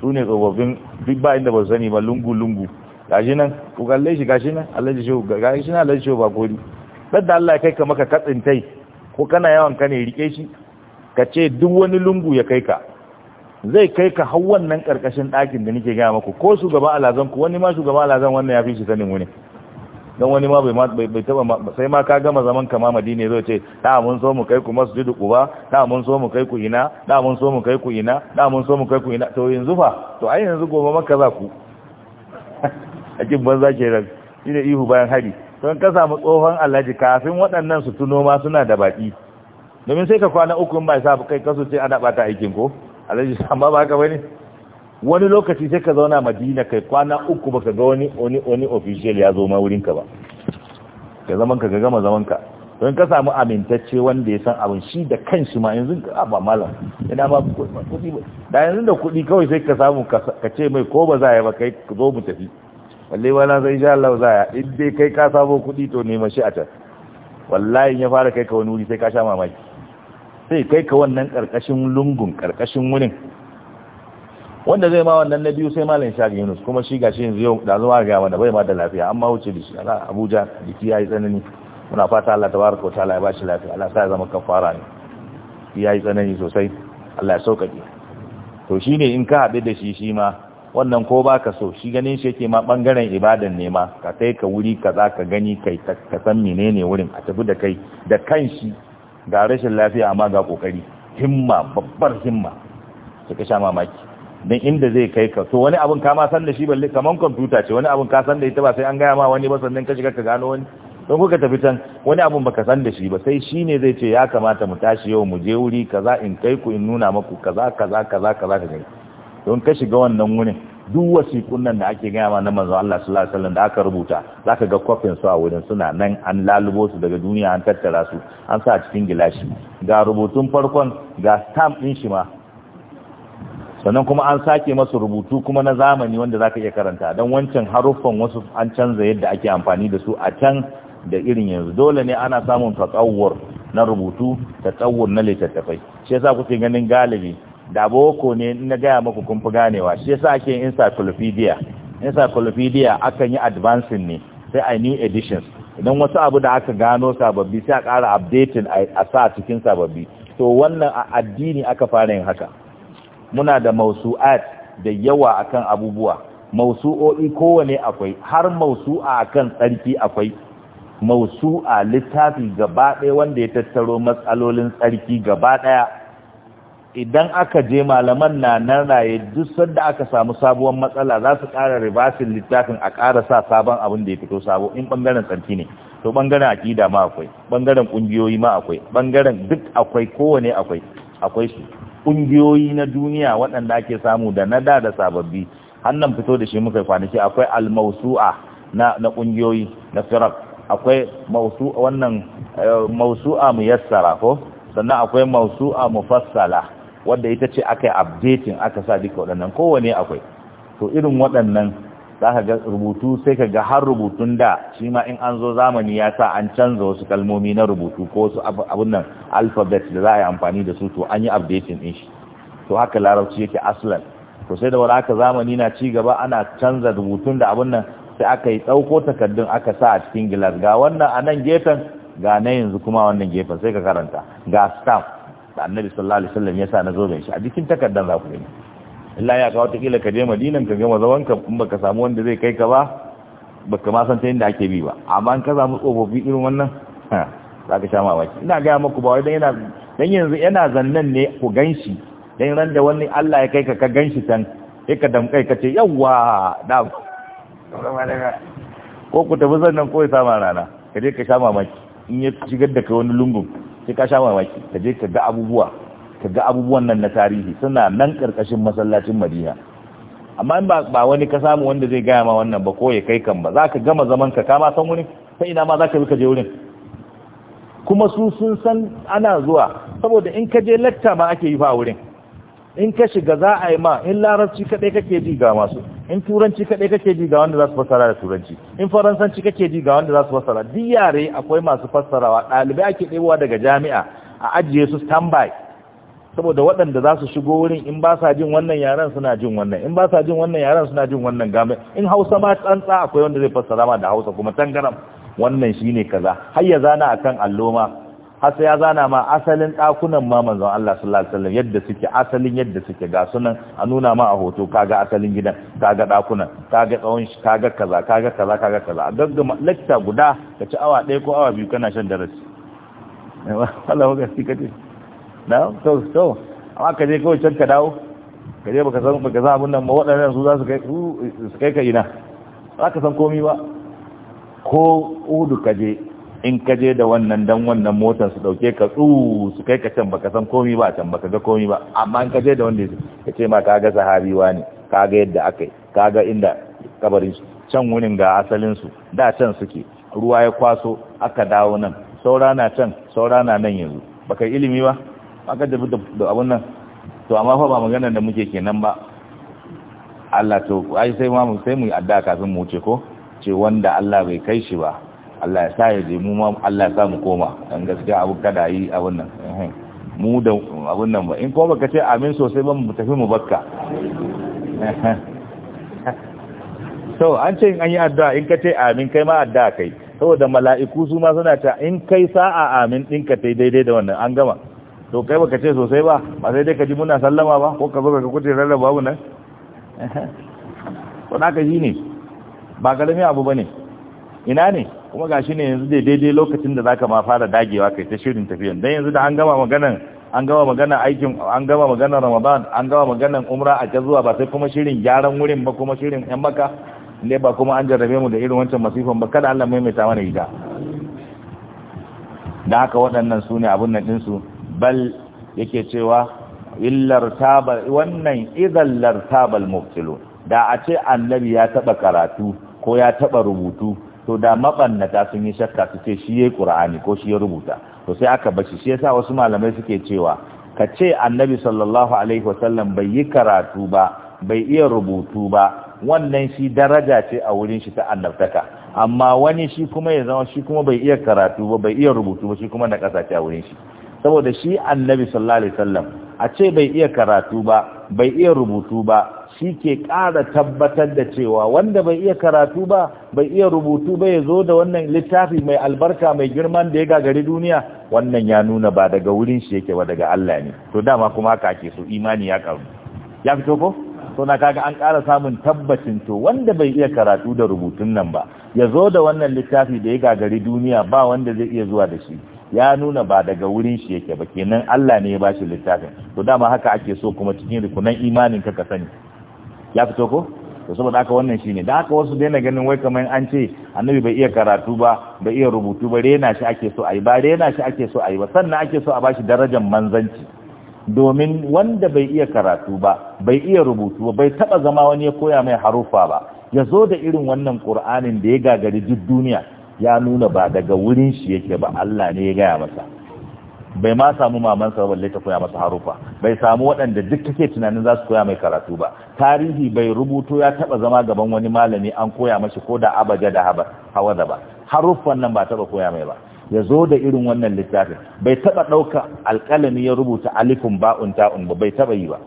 su ne tsofaffin duk ba inda ba su sani ba lungu lungu gashi nan ku kalle shi gashi nan alhaji shehu gashi nan alhaji shehu ba kori da Allah ya kai ka maka katsin tai ko kana yawan ka ne rike shi ka ce duk wani lungu ya kai ka zai kai ka hau wannan karkashin ɗakin da nake gaya maku ko shugaba alazan ku wani ma shugaba alazan wannan ya fi shi sanin wani don wani ma bai taba sai ma ka gama zaman kama madina zai ce da mun so mu kai ku masjidu quba da mun so mu kai ku ina da mun so mu kai ku ina da mun so mu kai ku ina to yanzu fa to ai yanzu goma makka za ku a cikin banza ke ran shine ihu bayan hari don ka samu tsohon alhaji kafin waɗannan su tuno ma suna da baki domin sai ka kwana uku ba sa kai kasu ce ana bata aikin ko alhaji amma ba ka bane wani lokaci sai ka zauna madina kai kwana uku baka ga wani wani wani official ya zo ma wurin ka ba ka zaman ka ga gama zaman ka don ka samu amintacce wanda ya san abin shi da kanshi ma yanzu ka ba malam ina ba kudi ba da yanzu da kuɗi kawai sai ka samu ka ce mai ko ba za ya ba kai ka zo mu tafi walle wala sai insha Allah za a in dai kai ka samo kuɗi to nema shi a can wallahi ya fara kai ka wani wuri sai ka sha mamaki sai kai ka wannan karkashin lungun karkashin wurin wanda zai ma wannan na biyu sai malam shagin yunus kuma shi ga shi yanzu yau da zuwa ga wanda bai ma da lafiya amma wuce da shi ala abuja jiki ya yi tsanani muna fata allah ta wa ta'ala ya ba shi lafiya allah sa ya zama kafara ne ya yi tsanani sosai allah ya sauƙaƙe to shi ne in ka haɗu da shi shi ma wannan ko ba ka so shi ganin shi yake ma bangaren ibadan ne ma ka kai ka wuri ka za ka gani kai ka san menene wurin a tafi da kai da kan shi ga rashin lafiya amma ga ƙoƙari himma babbar himma suka sha mamaki don inda zai kai ka to wani abin kama san da shi balle kaman kwamfuta ce wani abin ka san da ita ba sai an gaya ma wani ba sannan ka shiga ka gano wani don kuka tafi can wani abin baka san da shi ba sai shi ne zai ce ya kamata mu tashi yau mu je wuri kaza in kai ku in nuna maku kaza kaza kaza kaza ka gani don ka shiga wannan wurin duk wasiƙun nan da ake gaya ma na manzon Allah sallallahu alaihi wasallam da aka rubuta zaka ga kofin su a wurin suna nan an lalubo su daga duniya an tattara su an sa cikin gilashi ga rubutun farkon ga stamp din shi ma sannan kuma an sake masu rubutu kuma na zamani wanda za ka iya karanta don wancan haruffan wasu an canza yadda ake amfani da su a can da irin yanzu dole ne ana samun tatsawar na rubutu tsawar na littattafai shi yasa kuke ganin galibi da boko ne na gaya maku kun fi ganewa shi yasa ake encyclopedia encyclopedia akan yi advancing ne sai a new editions idan wasu abu da aka gano sababbi sai a kara updating a sa cikin sababbi to wannan addini aka fara yin haka muna da mausu'at da yawa akan abubuwa mausu'o'i kowane akwai har mausu'a akan tsarki akwai mausu'a littafi gaba ɗaya wanda ya tattaro matsalolin tsarki gaba ɗaya idan aka je malaman na nan raye duk sanda aka samu sabuwar matsala za su ƙara ribasin littafin a ƙara sa sabon abin da ya fito sabo in ɓangaren tsarki ne to ɓangaren aƙida ma akwai ɓangaren ƙungiyoyi ma akwai ɓangaren duk akwai kowane akwai akwai su ƙungiyoyi na duniya waɗanda ake samu da na da da sababbi hannan fito da shi muka kwanaki akwai almausu'a na na ƙungiyoyi na firak akwai wannan eh, mausu'a muyassara ko sannan akwai mausu'a mufassala wadda ita ce aka yi updating aka sa duka waɗannan kowane akwai to irin waɗannan za ka ga rubutu sai ka ga har rubutun da shi ma in an zo zamani ya sa an canza wasu kalmomi na rubutu ko wasu abun nan alphabet da za a yi amfani da su to an yi updating din shi to haka larabci yake aslan to sai da wani haka zamani na ci gaba ana canza rubutun da abun nan sai aka yi ɗauko takardun aka sa a cikin gilas ga wannan a nan gefen ga na yanzu kuma wannan gefen sai ka karanta ga stamp da annabi sallallahu alaihi wasallam ya sa na zo da shi a jikin takardan za ku gani illa ya kawo takila ka je madinan ka gama zaman ka in baka samu wanda zai kai ka ba baka ma san ta yadda ake bi ba amma an ka samu tsofaffi irin wannan za ka sha mamaki ina gaya muku ba wai dan yana dan yanzu yana zannan ne ku ganshi dan ran da wani Allah ya kai ka ka ganshi tan sai ka damkai ka ce yawwa da ko ku tafi zannan ko ya sama rana ka je ka sha mamaki in ya shigar da kai wani lungun sai ka sha mamaki ka je ka ga abubuwa ka ga abubuwan nan na tarihi suna nan ƙarƙashin masallacin madina amma in ba wani ka samu wanda zai gaya ma wannan ba ko ya kai kan ba za ka gama zaman ka kama san wani sai ina ma za ka bi ka je wurin kuma su sun san ana zuwa saboda in ka je latta ma ake yi fa wurin in ka shiga za a yi ma in larabci kaɗai kake ji ga masu in turanci kaɗai kake ji ga wanda za su fassara da turanci in faransanci kake ji ga wanda za su fassara duk yare akwai masu fassarawa ɗalibai ake ɗebowa daga jami'a a ajiye su standby saboda waɗanda za su shigo wurin in ba sa jin wannan yaren suna jin wannan in ba sa jin wannan yaren suna jin wannan game in hausa ma tsantsa akwai wanda zai fassara ma da hausa kuma tangaram wannan shi ne kaza har ya zana akan allo ma har sai ya zana ma asalin ɗakunan ma manzon Allah sallallahu alaihi wasallam yadda suke asalin yadda suke ga sunan a nuna ma a hoto kaga asalin gidan kaga ɗakunan kaga tsawon shi kaga kaza kaga kaza kaga kaza a gaggama lecture guda ka ci awa ɗaya ko awa biyu kana shan darasi Allah ga shi na to to amma ka je kawai can ka dawo ka je baka san baka za abun nan ba waɗannan su za su kai su kai ka ina za ka san komi ba ko udu ka je in ka je da wannan dan wannan motar su dauke ka tsu su kai ka can baka san komi ba can baka ga komi ba amma in ka je da wanda ya ce ma ka ga sahabi ne ka ga yadda akai ka ga inda kabarin su can wurin ga asalin su da can suke ruwa ya kwaso aka dawo nan saura na can saura na nan yanzu baka ilimi ba aka tafi da abun nan to amma fa ba magana da muke kenan ba Allah to ai sai mu sai mu yi kafin mu wuce ko ce wanda Allah bai kai shi ba Allah ya sa ya je mu ma Allah ya sa mu koma dan gaskiya abu kada yi abun nan mu da abun nan ba in ko baka ce amin sosai ba mu tafi mu bakka so an ce in an yi adda in ka ce amin kai ma adda kai saboda mala'iku su ma suna ta in kai sa'a amin din ka daidai da wannan an gama to kai baka ce sosai ba ba sai dai ka ji muna sallama ba ko ka zo ka kuce rarraba mu nan to naka ji ne ba galmi abu bane ina ne kuma gashi ne yanzu dai daidai lokacin da zaka ma fara dagewa kai ta shirin tafiyan dan yanzu da an gama magana an gama magana aikin an gama magana Ramadan an gama magana umra a zuwa ba sai kuma shirin gyaran wurin ba kuma shirin yan maka ne ba kuma an jarrabe mu da irin wancan masifan ba kada Allah maimaita mana gida. da haka waɗannan su ne abun nan ɗinsu bal yake cewa illar taba wannan tabal mubtilun da a ce annabi ya taba karatu ko ya taba rubutu to da mabannata sun yi shakka su ce shi yayi qur'ani ko shi ya rubuta to sai aka bashi shi yasa wasu malamai suke cewa ka ce annabi sallallahu alaihi wasallam bai yi karatu ba bai iya rubutu ba wannan shi daraja ce a wurin shi ta annabtaka amma wani shi kuma ya zama shi kuma bai iya karatu ba bai iya rubutu ba shi kuma na kasa a wurin shi saboda shi annabi sallallahu alaihi wasallam a ce bai iya karatu ba bai iya rubutu ba shi ke ƙara tabbatar da cewa wanda bai iya karatu ba bai iya rubutu ba ya zo da wannan littafi mai albarka mai girman da ya gagari duniya wannan ya nuna ba daga wurin shi yake ba daga Allah ne to dama kuma haka ke so imani ya karu ya fito ko to na kaga an ƙara samun tabbacin to wanda bai iya karatu da rubutun nan ba ya zo da wannan littafi da ya gagari duniya ba wanda zai iya zuwa da shi ya nuna ba daga wurin shi yake ba kenan Allah ne ya bashi littafin to dama haka ake so kuma cikin rukunan imanin ka ka sani ya fito ko to saboda haka wannan shine da haka wasu daina ganin wai kamar an ce annabi bai iya karatu ba bai iya rubutu ba rena shi ake so ayi ba rena shi ake so ayi ba sannan ake so a bashi darajar manzanci domin wanda bai iya karatu ba bai iya rubutu ba bai taba zama wani ya koya mai harufa ba ya zo da irin wannan qur'anin da ya gagari duk duniya ya nuna ba daga wurin shi yake ba Allah ne ya gaya masa bai ma samu mamansa balle ta koya masa harufa bai samu waɗanda duk take tunanin za su koya mai karatu ba tarihi bai rubuto ya taɓa zama gaban wani malami an koya mashi ko da abaja da hawa da ba haruffan nan ba taɓa koya mai ba ya zo da irin wannan littafin bai taɓa ɗauka alƙalami ya rubuta alifin ba'un ta'un ba bai taɓa yi ba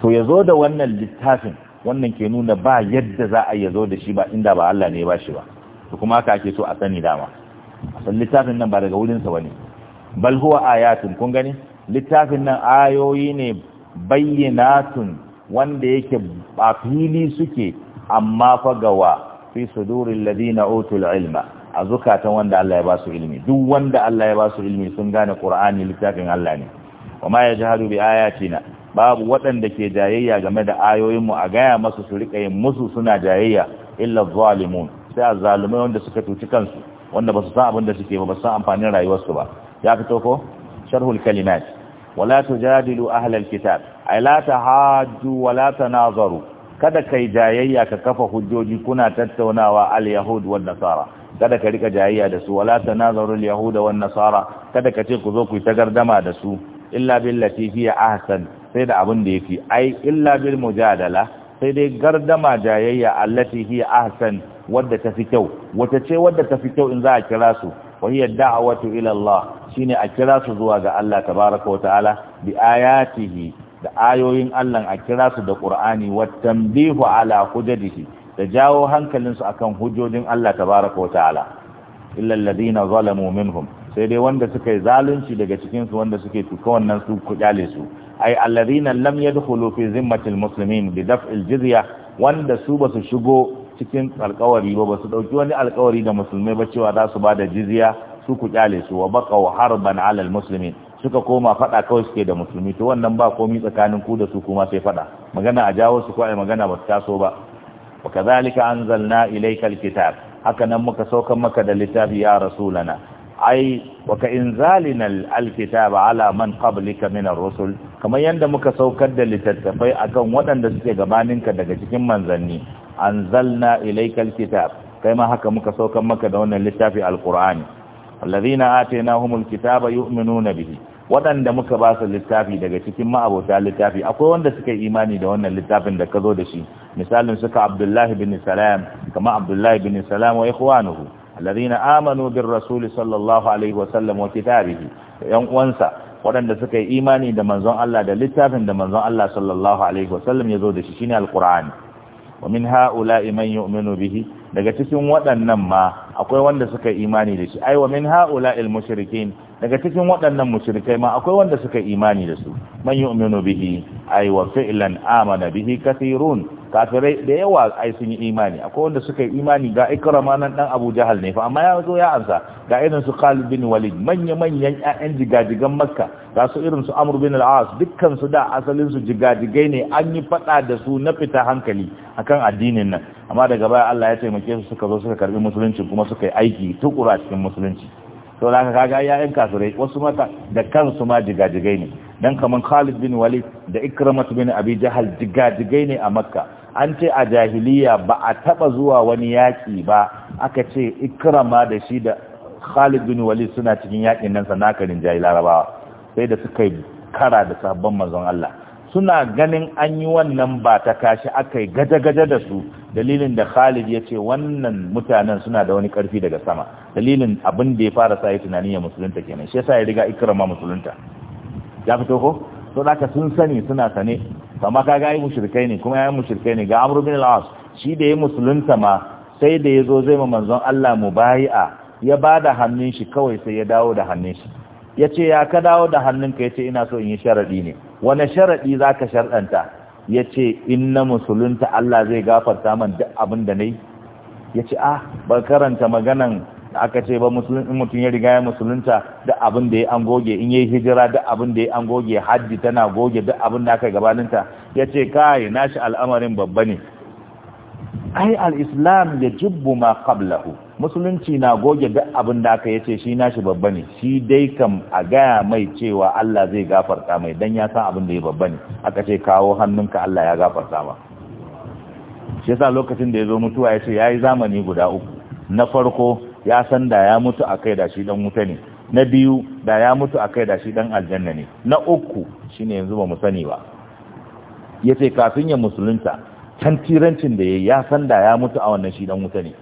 to ya zo da wannan littafin wannan ke nuna ba yadda za a ya zo da shi ba inda ba Allah ne ya ba ba to kuma haka ake so a sani dama san littafin nan ba daga wurinsa ba ne bal huwa ayatun kun gani littafin nan ayoyi ne bayyanatun wanda yake a fili suke amma fa gawa fi sudurin ladina utul ilma a zukatan wanda Allah ya ba su ilimi duk wanda Allah ya ba su ilimi sun gane qur'ani littafin Allah ne wa ma yajhadu bi ayatina babu waɗanda ke jayayya game da ayoyinmu a gaya masu su rika yin musu suna jayayya illa zalimun sai azzalumai wanda suka tuci kansu wanda ba su san abin da suke ba ba su san amfanin rayuwarsu ba ya fito ko sharhul kalimat wala tujadilu ahlal kitab ay la tahajju wala tanazaru kada kai jayayya ka kafa hujjoji kuna tattaunawa al yahud wan nasara kada ka rika jayayya da su wala tanazaru al yahud wan nasara kada ka ce ku zo ku ta gardama da su illa billati hiya ahsan sai da abin da yake ai illa bil mujadala sai dai gardama jayayya allati hiya ahsan wadda ta fi kyau wata ce wadda ta fi kyau in za a kira su wa hiya da'watu ila Allah shine a kira su zuwa ga Allah tabaraka wa ta'ala bi ayatihi da ayoyin Allah a kira su da Qur'ani wa tanbihu ala hujjatihi da jawo hankalinsu akan hujjojin Allah tabaraka wa ta'ala illa alladhina zalamu minhum sai dai wanda suka yi zalunci daga cikin su wanda suke tuka wannan su kujale su ay alladhina lam yadkhulu fi zimmatil muslimin bi daf'il jizya wanda su basu shigo cikin alkawari ba ba su ɗauki wani alkawari da musulmai ba cewa za su ba da jizya su ku kyale su wa baka wa harban alal musulmi suka koma faɗa kawai suke da musulmi to wannan ba komi tsakanin ku da su kuma sai faɗa magana a jawo su kawai magana ba su taso ba wa kazalika anzalna ilayka alkitab haka nan muka sauka maka da littafi ya rasulana ai wa ka inzalina alkitaba ala man qablika min ar-rusul kamar yanda muka saukar da littattafai akan waɗanda suke gabaninka daga cikin manzanni anzalna ilaykal kitab kai ma haka muka saukan maka da wannan littafi alqur'ani alladhina atainahumul kitaba yu'minuna bihi waɗanda muka ba su littafi daga cikin ma'abota littafi akwai wanda suka yi imani da wannan littafin da ka zo da shi misalin suka abdullahi bin salam kama abdullahi bin salam wa ikhwanuhu alladhina amanu bir rasul sallallahu alaihi wa sallam wa kitabihi yan uwansa waɗanda suka yi imani da manzon Allah da littafin da manzon Allah sallallahu alaihi wa sallam ya zo da shi shine alqur'ani wa min ha'ula'i man yu'minu bihi daga cikin waɗannan ma akwai wanda suka imani da shi ai wa min ha'ula'il mushrikin daga cikin waɗannan mushrikai ma akwai wanda suka imani da su man yu'minu bihi ai wa fi'lan amana bihi kathirun kafirai da yawa ai sun yi imani akwai wanda suka yi imani ga ikrama nan dan Abu Jahal ne fa amma ya zo ya ansa ga irin su Khalid bin Walid manya manyan ƴaƴan jigajigan Makka ga su irin su Amr bin al-As dukkan su da asalin su jigajigai ne an yi fada da su na fita hankali akan addinin nan amma daga baya Allah ya taimake su suka zo suka karbi musulunci kuma suka yi aiki tukura cikin musulunci to da kaga ƴaƴan kafirai wasu mata da kansu ma jigajigai ne dan kaman Khalid bin Walid da Ikrama bin Abi Jahal jigajigai ne a Makka an ce a jahiliya ba a taba zuwa wani yaƙi ba aka ce ikrama da shi da Khalid bin Walid suna cikin yaƙin nan sanakarin jahi larabawa sai da suka kara da sabon manzon Allah suna ganin an yi wannan ba ta kashi aka yi gaje-gaje da su dalilin da Khalid ya ce wannan mutanen suna da wani karfi daga sama dalilin abin da ya fara sa yi tunanin ya musulunta kenan shi yasa ya riga ikrama musulunta ya fito ko to da sun sani suna sane amma kaga yi mushrikai ne kuma ya yi mushrikai ne ga Amr bin al’as shi da ya musulunta ma sai da ya zo zai ma manzon Allah mu bayi a. ya bada hannun shi kawai sai ya dawo da hannun shi ya ce ya ka dawo da hannun ka ya ce ina so in yi sharaɗi ne wani za zaka sharɗanta yace na musulunta Allah zai gafarta man duk abin da ya ce ah ba karanta maganan aka ce ba mutum ya riga ya musulunta da abin da ya an goge in yi hijira da abin da ya an goge hajji tana goge da abin da aka gabaninta ya ce kai nashi al'amarin babba ne ai al'islam da jubbu ma qablahu musulunci na goge da abin da aka yace shi nashi babba ne shi dai kam a gaya mai cewa Allah zai gafarta mai dan ya san abin da ya babba ne aka ce kawo hannunka Allah ya gafarta ma shi yasa lokacin da ya zo mutuwa ya ce ya yi zamani guda uku na farko ya san da ya mutu a kai da shi dan wuta ne na biyu da ya mutu a kai da shi dan aljanna ne na uku shine yanzu ba mu sani ba yace kafin ya musulunta tirancin da yayi ya san da ya mutu a wannan shi dan wuta ne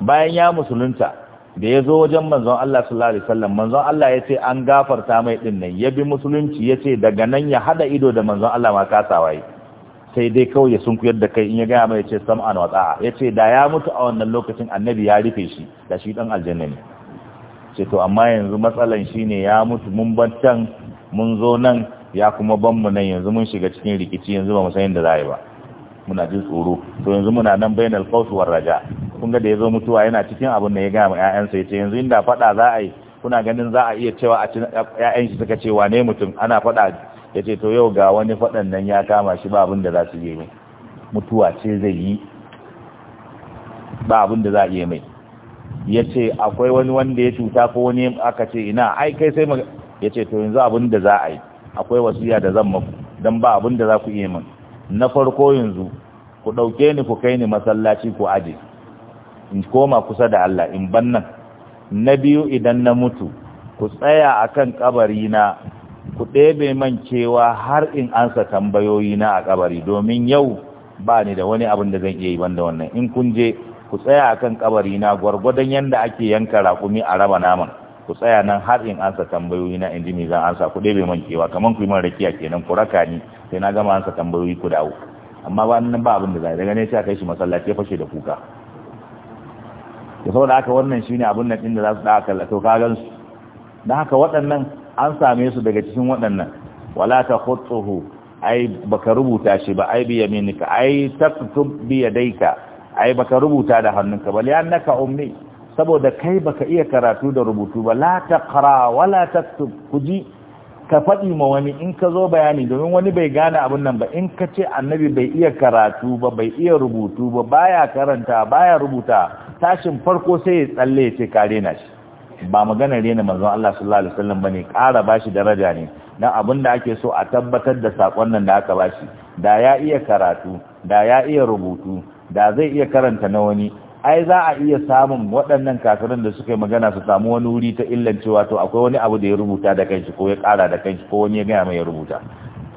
bayan ya musulunta da ya zo wajen manzon Allah sallallahu alaihi wasallam manzon Allah yace an gafarta mai din ya bi musulunci yace daga nan ya hada ido da manzon Allah ma kasawaye sai dai kawai ya sunku da kai in ya gaya mai ce sam an watsa'a ya ce da ya mutu a wannan lokacin annabi ya rufe shi da shi dan aljanna ne ce to amma yanzu matsalan shi ne ya mutu mun ban can mun zo nan ya kuma ban mu nan yanzu mun shiga cikin rikici yanzu ba mu san yadda za yi ba muna jin tsoro to yanzu muna nan bainal khawf war raja kun ga da yazo mutuwa yana cikin abin da ya ga ma ya ce yanzu inda fada za a yi kuna ganin za a iya cewa a ƴaƴan shi suka ce wane mutum ana fada ya ce to yau ga wani faɗan nan ya kama shi ba abin da za su yi mai mutuwa ce zai yi ba abin da za a yi mai ya ce akwai wani wanda ya cuta ko wani aka ce ina ai kai sai ya ce to yanzu abin da za a yi akwai wasiya da zan maku don ba abin da za ku iya min na farko yanzu ku ɗauke ni ku kai ni masallaci ku aje in koma kusa da Allah in ban nan na biyu idan na mutu ku tsaya akan kabari na ku ɗebe man cewa har in ansa tambayoyi na a kabari domin yau ba ni da wani abin da zan iya yi banda wannan in kun je ku tsaya a kan kabari na gwargwadon yadda ake yanka rakumi a raba naman ku tsaya nan har in ansa tambayoyi na inji me zan ansa ku ɗebe man cewa kaman ku yi man rakiya kenan ku raka ni sai na gama ansa tambayoyi ku dawo amma ba nan ba abin da za a daga ne sai kai shi masallaci fashe da kuka da saboda haka wannan shine abin nan din da za su da aka ka su dan haka waɗannan an same su daga cikin waɗannan wala ta khutsuhu ai baka rubuta shi ba ai bi ai taktu bi yadayka ai baka rubuta da hannunka bal annaka ummi saboda kai baka iya karatu da rubutu ba la taqra wala taktub kuji ka faɗi ma wani in ka zo bayani domin wani bai gane abin nan ba in ka ce annabi bai iya karatu ba bai iya rubutu ba baya karanta baya rubuta tashin farko sai ya tsalle ya ce kare na shi ba maganar rena manzon Allah sallallahu alaihi wasallam bane ƙara bashi daraja ne dan abin da ake so a tabbatar da sakon nan da aka bashi da ya iya karatu da ya iya rubutu da zai iya karanta na wani ai za a iya samun waɗannan kafirin da suka yi magana su samu wani wuri ta illan cewa to akwai wani abu da ya rubuta da kanshi ko ya kara da kanshi ko wani ya gaya mai ya rubuta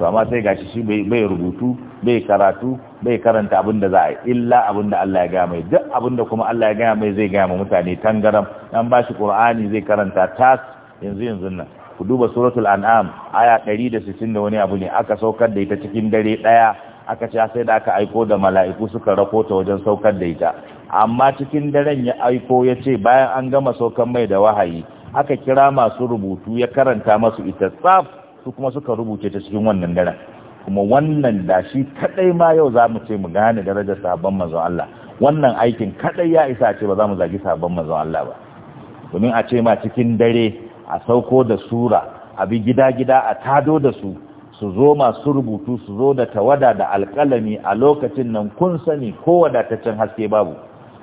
to amma sai gashi shi bai rubutu bai karatu bai karanta abin da za a illa abin da Allah ya gaya mai duk abin da kuma Allah ya gaya mai zai gaya ma mutane tangaram an ba shi Qur'ani zai karanta tas yanzu yanzu nan ku duba suratul an'am aya 160 da wani abu ne aka saukar da ita cikin dare daya aka ce ah, sai da aka aiko da mala'iku suka rakota wajen saukar da ita amma cikin daren ya aiko ya ce bayan an gama saukar mai da wahayi aka kira masu rubutu ya karanta masu ita tsaf su kuma suka rubuce ta cikin wannan daren kuma wannan da shi kadai ma yau za mu ce mu gane darajar sabon manzon Allah wannan aikin kadai ya isa ce ba za mu zagi sabon manzon Allah ba domin a ce ma cikin dare a sauko da sura a bi gida-gida a tado da su su zo masu rubutu su zo da tawada da alkalami a lokacin nan kun sani ko wadataccen haske babu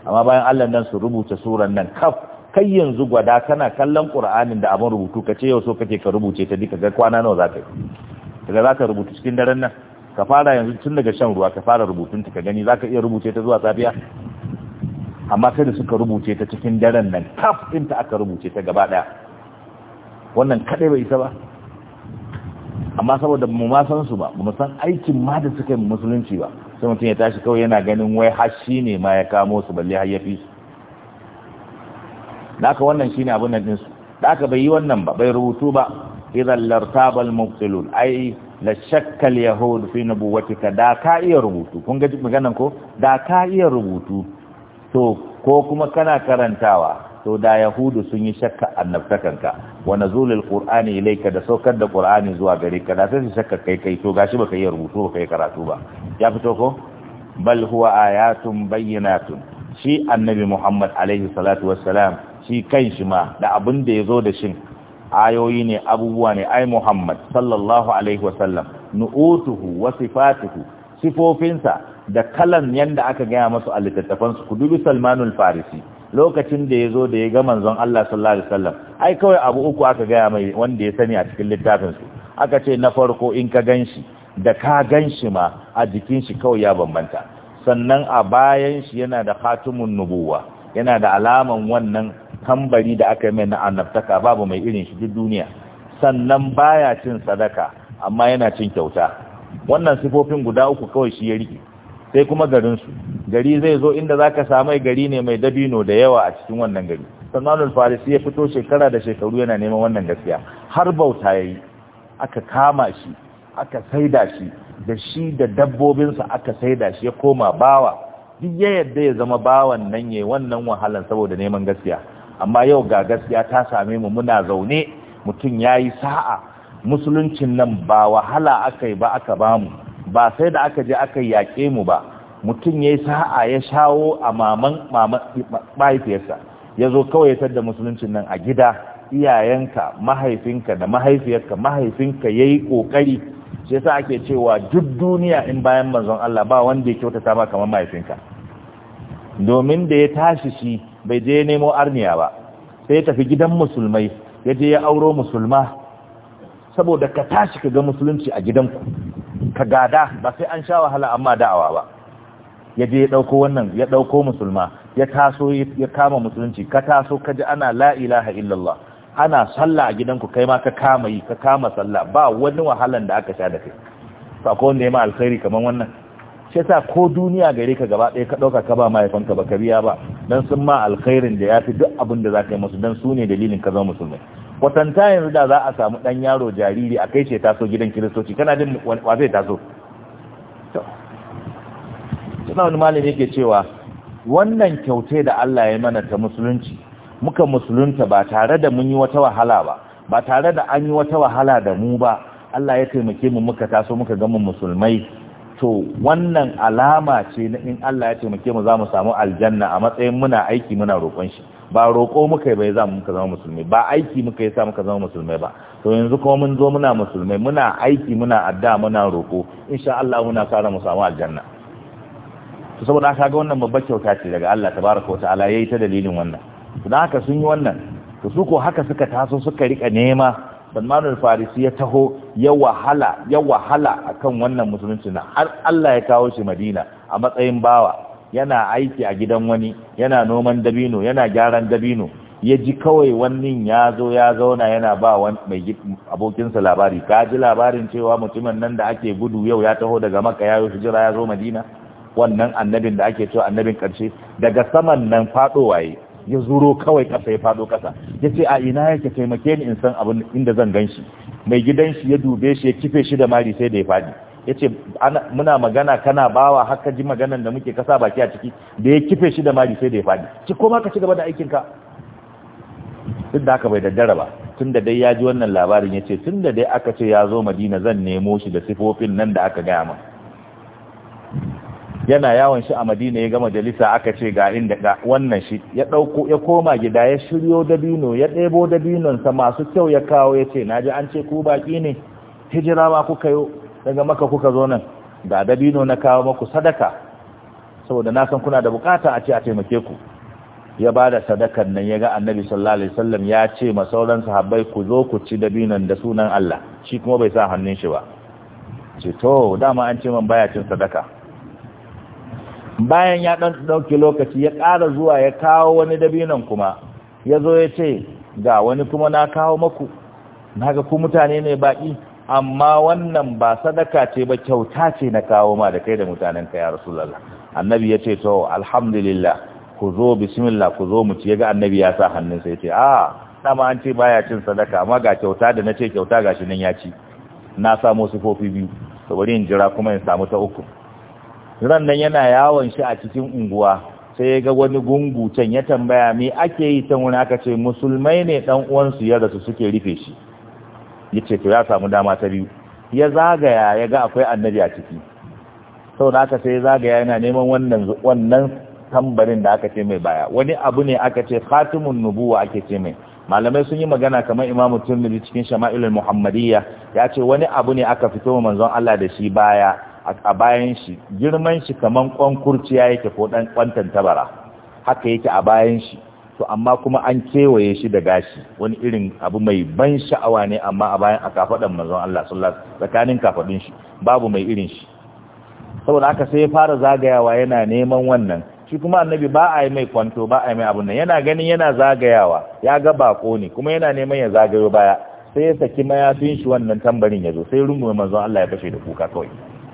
amma bayan Allah nan su rubuta suran nan kaf kai yanzu gwada kana kallon Qur'anin da abin rubutu kace yau so kake ka rubuce ta duka ga kwana nawa zaka yi daga za ka rubuta cikin daren nan ka fara yanzu tun daga shan ruwa ka fara rubutunta ka gani za ka iya rubuce ta zuwa safiya amma kada suka rubuce ta cikin daren nan kaf ta aka rubuce ta gaba ɗaya wannan kaɗai bai isa ba amma saboda mu ma san su ba mu san aikin ma da suka yi musulunci ba sai mutum ya tashi kawai yana ganin wai har shi ne ma ya kamo su balle har ya fi su da aka wannan shine abin nan ɗinsu da aka bai yi wannan ba bai rubutu ba idan lartabal mubtilun ai la shakkal yahud fi nubuwatika da ka iya rubutu kun ga maganan ko da ka iya rubutu to ko kuma kana karantawa to da yahudu sun yi shakka annabtakanka wa nazulul qur'ani ilayka da saukar da qur'ani zuwa gare ka da sai su shakka kai kai to gashi baka iya rubutu baka yi karatu ba ya fito ko bal huwa ayatun bayyinatun shi annabi muhammad alaihi salatu wassalam shi kanshi ma da abin ya zo da shin ayoyi ne abubuwa ne ai Muhammad sallallahu alaihi wasallam nu'utuhu wa sifatuhu sifofinsa da kalan yanda aka gaya masu a littattafansu ku dubi Salmanul Farisi lokacin da ya zo da ya ga manzon Allah sallallahu alaihi wasallam ai kawai abu uku aka gaya mai wanda ya sani a cikin littafinsu aka ce na farko in ka ganshi da ka ganshi ma a jikin shi kawai ya bambanta sannan a bayan shi yana da khatimun nubuwa yana da alaman wannan tambari da aka yi mai na annabtaka babu mai irin shi duk duniya sannan baya cin sadaka amma yana cin kyauta wannan sifofin guda uku kawai shi ya rike sai kuma garinsu gari zai zo inda zaka ka samu gari ne mai dabino da yawa a cikin wannan gari sannan farisi ya fito shekara da shekaru yana neman wannan gaskiya har bauta yayi aka kama shi aka saida shi da shi da dabbobinsa aka saida shi ya koma bawa duk ya yadda ya zama bawan nan ya wannan wahalan saboda neman gaskiya amma yau ga gaskiya ta same mu muna zaune mutum ya yi sa'a musuluncin nan ba wahala aka yi ba aka ba mu ba sai da aka je aka yaƙe mu ba mutum ya yi sa'a ya shawo a maman mahaifiyarsa ya zo kawai ya da musuluncin nan a gida iyayenka mahaifinka da mahaifiyarka mahaifinka ya yi ƙoƙari shi yasa ake cewa duk duniya in bayan manzon Allah ba wanda ya kyautata ba kamar mahaifinka domin da ya tashi shi bai je nemo arniya ba sai ya tafi gidan musulmai ya je ya auro musulma saboda ka tashi ka ga musulunci a gidanku ka gada ba sai an sha wahala amma da'awa ba ya je ya dauko wannan ya dauko musulma ya taso ya kama musulunci ka taso ka ji ana la ilaha illallah ana sallah a gidanku kai ma ka kama yi ka kama sallah ba wani wahalan da aka sha da kai sako wanda ya ma alkhairi kamar wannan shi sa ko duniya gare ka gaba ɗaya ka ɗauka ka ba mahaifanka ba ka biya ba don sun ma alkhairin da ya fi duk abin da za ka yi musu don su ne dalilin ka zama musulmi kwatanta yanzu da za a samu ɗan yaro jariri a kai ce taso gidan kiristoci kana jin wa zai taso suna wani malami yake cewa wannan kyautai da Allah ya mana ta musulunci muka musulunta ba tare da mun yi wata wahala ba ba tare da an yi wata wahala da mu ba Allah ya taimake mu muka taso muka gama musulmai to wannan alama ce na in Allah ya ce muke mu za mu samu aljanna a matsayin muna aiki muna roƙon shi ba roƙo muka yi ba za muka zama musulmai ba aiki muka yi sa muka zama musulmai ba to yanzu kuma mun zo muna musulmai muna aiki muna adda muna roƙo insha Allah muna fara mu samu aljanna to saboda haka ga wannan babbar kyauta ce daga Allah tabaraka wa ta'ala yayi ta dalilin wannan to haka sun yi wannan to su ko haka suka taso suka rika nema al farisi ya taho ya wahala ya wahala akan wannan musulunci na har Allah ya kawo shi madina a matsayin bawa yana aiki a gidan wani yana noman dabino yana gyaran dabino ya ji kawai wannan ya zo ya zauna yana ba mai abokinsa labari ka ji labarin cewa mutumin nan da ake gudu yau ya taho daga maka ya yi hijira ya zo madina wannan annabin da ake cewa annabin karshe daga saman nan faɗo yi ya zuro kawai kasa ya fado kasa ya ce a ina yake taimake ni in san abin inda zan gan shi mai gidan shi ya dube shi ya kife shi da mari sai da ya fadi ya ce muna magana kana bawa haka ji maganan da muke kasa baki a ciki da ya kife shi da mari sai da ya fadi ci ma ka ci gaba da aikinka duk da haka bai daddara ba tun da dai ya ji wannan labarin ya ce tun da dai aka ce ya zo madina zan nemo shi da sifofin nan da aka gaya min yana yawon shi a madina ya gama jalisa aka ce ga inda ga wannan shi ya dauko ya koma gida ya shiryo dabino ya ɗebo dabinonsa masu kyau ya kawo ya ce naji an ce ku baki ne hijira ba kuka yo daga maka kuka zo nan ga dabino na kawo maku sadaka saboda na san kuna da bukata a ce a taimake ku ya bada da sadakan nan ya ga annabi sallallahu alaihi wasallam ya ce ma sauran sahabbai ku zo ku ci dabinon da sunan Allah shi kuma bai sa hannun shi ba ce to dama an ce man baya cin sadaka bayan ya ɗan ɗauki lokaci ya ƙara zuwa ya kawo wani dabinan kuma ya zo ya ce ga wani kuma na kawo maku na ga ku mutane ne baƙi amma wannan ba sadaka ce ba kyauta ce na kawo ma da kai da mutanen ka ya rasulallah annabi ya ce to alhamdulillah ku zo bismillah ku zo mu ci yaga annabi ya sa sai ya ce a dama an ce baya cin sadaka amma ga kyauta da na ce kyauta gashi nan ya ci na samo sifofi biyu saboda bari in jira kuma in samu ta uku ran nan yana yawon shi a cikin unguwa sai ya ga wani gungu can ya tambaya me ake yi can wani aka ce musulmai ne dan su ya rasu suke rufe shi ya ce to ya samu dama ta biyu ya zagaya ya ga akwai annabi a ciki sau da aka sai zagaya yana neman wannan wannan tambarin da aka ce mai baya wani abu ne aka ce khatimun nubuwa ake ce mai malamai sun yi magana kamar imamu tirmidhi cikin shama'ilul muhammadiyya ya ce wani abu ne aka fito manzon Allah da shi baya a bayan shi girman shi kaman ya yake ko dan kwantan tabara haka yake a bayan shi to amma kuma an kewaye shi da gashi wani irin abu mai ban sha'awa ne amma a bayan a kafadan manzon Allah sallallahu alaihi wasallam tsakanin kafadun shi babu mai irin shi saboda haka sai ya fara zagayawa yana neman wannan shi kuma annabi ba a yi mai kwanto ba a yi mai abun nan yana ganin yana zagayawa ya ga bako ne kuma yana neman ya zagayo baya sai ya saki mayafin shi wannan tambarin ya zo sai rungume manzon Allah ya kashe da kuka kawai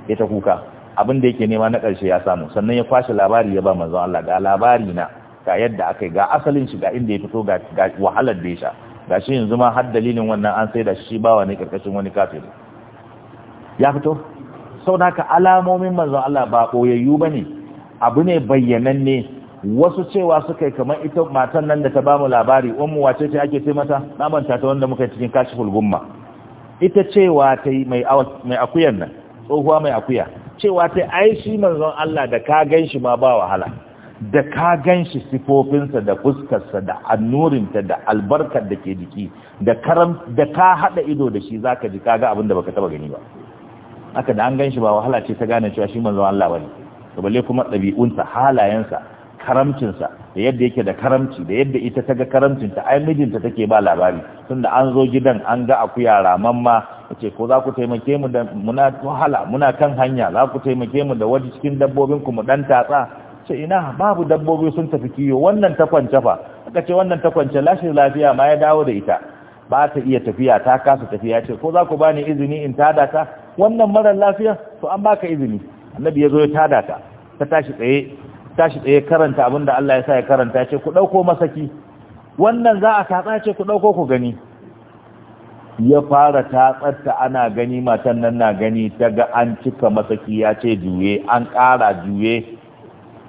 ya ta kuka abin da yake nema na ƙarshe ya samu sannan ya kwashe labari ya ba manzon Allah ga labari na ga yadda aka yi ga asalin shi ga inda ya fito ga wahalar da ya sha ga shi yanzu ma har dalilin wannan an sai da shi ba wani karkashin wani kafin. ya fito sau da haka alamomin manzon Allah ba ɓoyayyu ba ne abu ne bayyananne wasu cewa suka yi kamar ita matan nan da ta ba mu labari ummu wace ce ake ce mata na manta ta wanda muka cikin kashi gumma ita cewa ta yi mai akuyan nan tsohuwa mai akuya cewa ta ai shi manzon Allah da ka gan ma ba wahala da ka gan sifofinsa da fuskarsa da annurinta da albarkar da ke jiki da karam ka hada ido da shi zaka ji kaga abin da baka taba gani ba haka da an gan ba wahala ce ta gane cewa shi manzon Allah bane to balle kuma ɗabi'unsa halayensa karamcinsa da yadda yake da karamci da yadda ita ta ga karamcinta ai mijinta take ba labari tunda an zo gidan an ga akuya ramamma ce ko za ku taimake mu da muna wahala muna kan hanya za ku taimake mu da waje cikin dabbobin ku mu dan tatsa ce ina babu dabbobi sun tafi kiyo wannan ta kwance fa aka ce wannan ta kwance lashin lafiya ma ya dawo da ita ba ta iya tafiya ta kasa tafiya ce ko za ku bani izini in tada ta wannan mara lafiya to an baka izini annabi ya zo ya tada ta ta tashi tsaye tashi tsaye karanta abinda Allah ya sa ya karanta ce ku dauko masaki wannan za a tatsa ce ku dauko ku gani ya fara tatsarta ana gani matan nan na gani ta ga an cika masaki ya ce juye an ƙara juye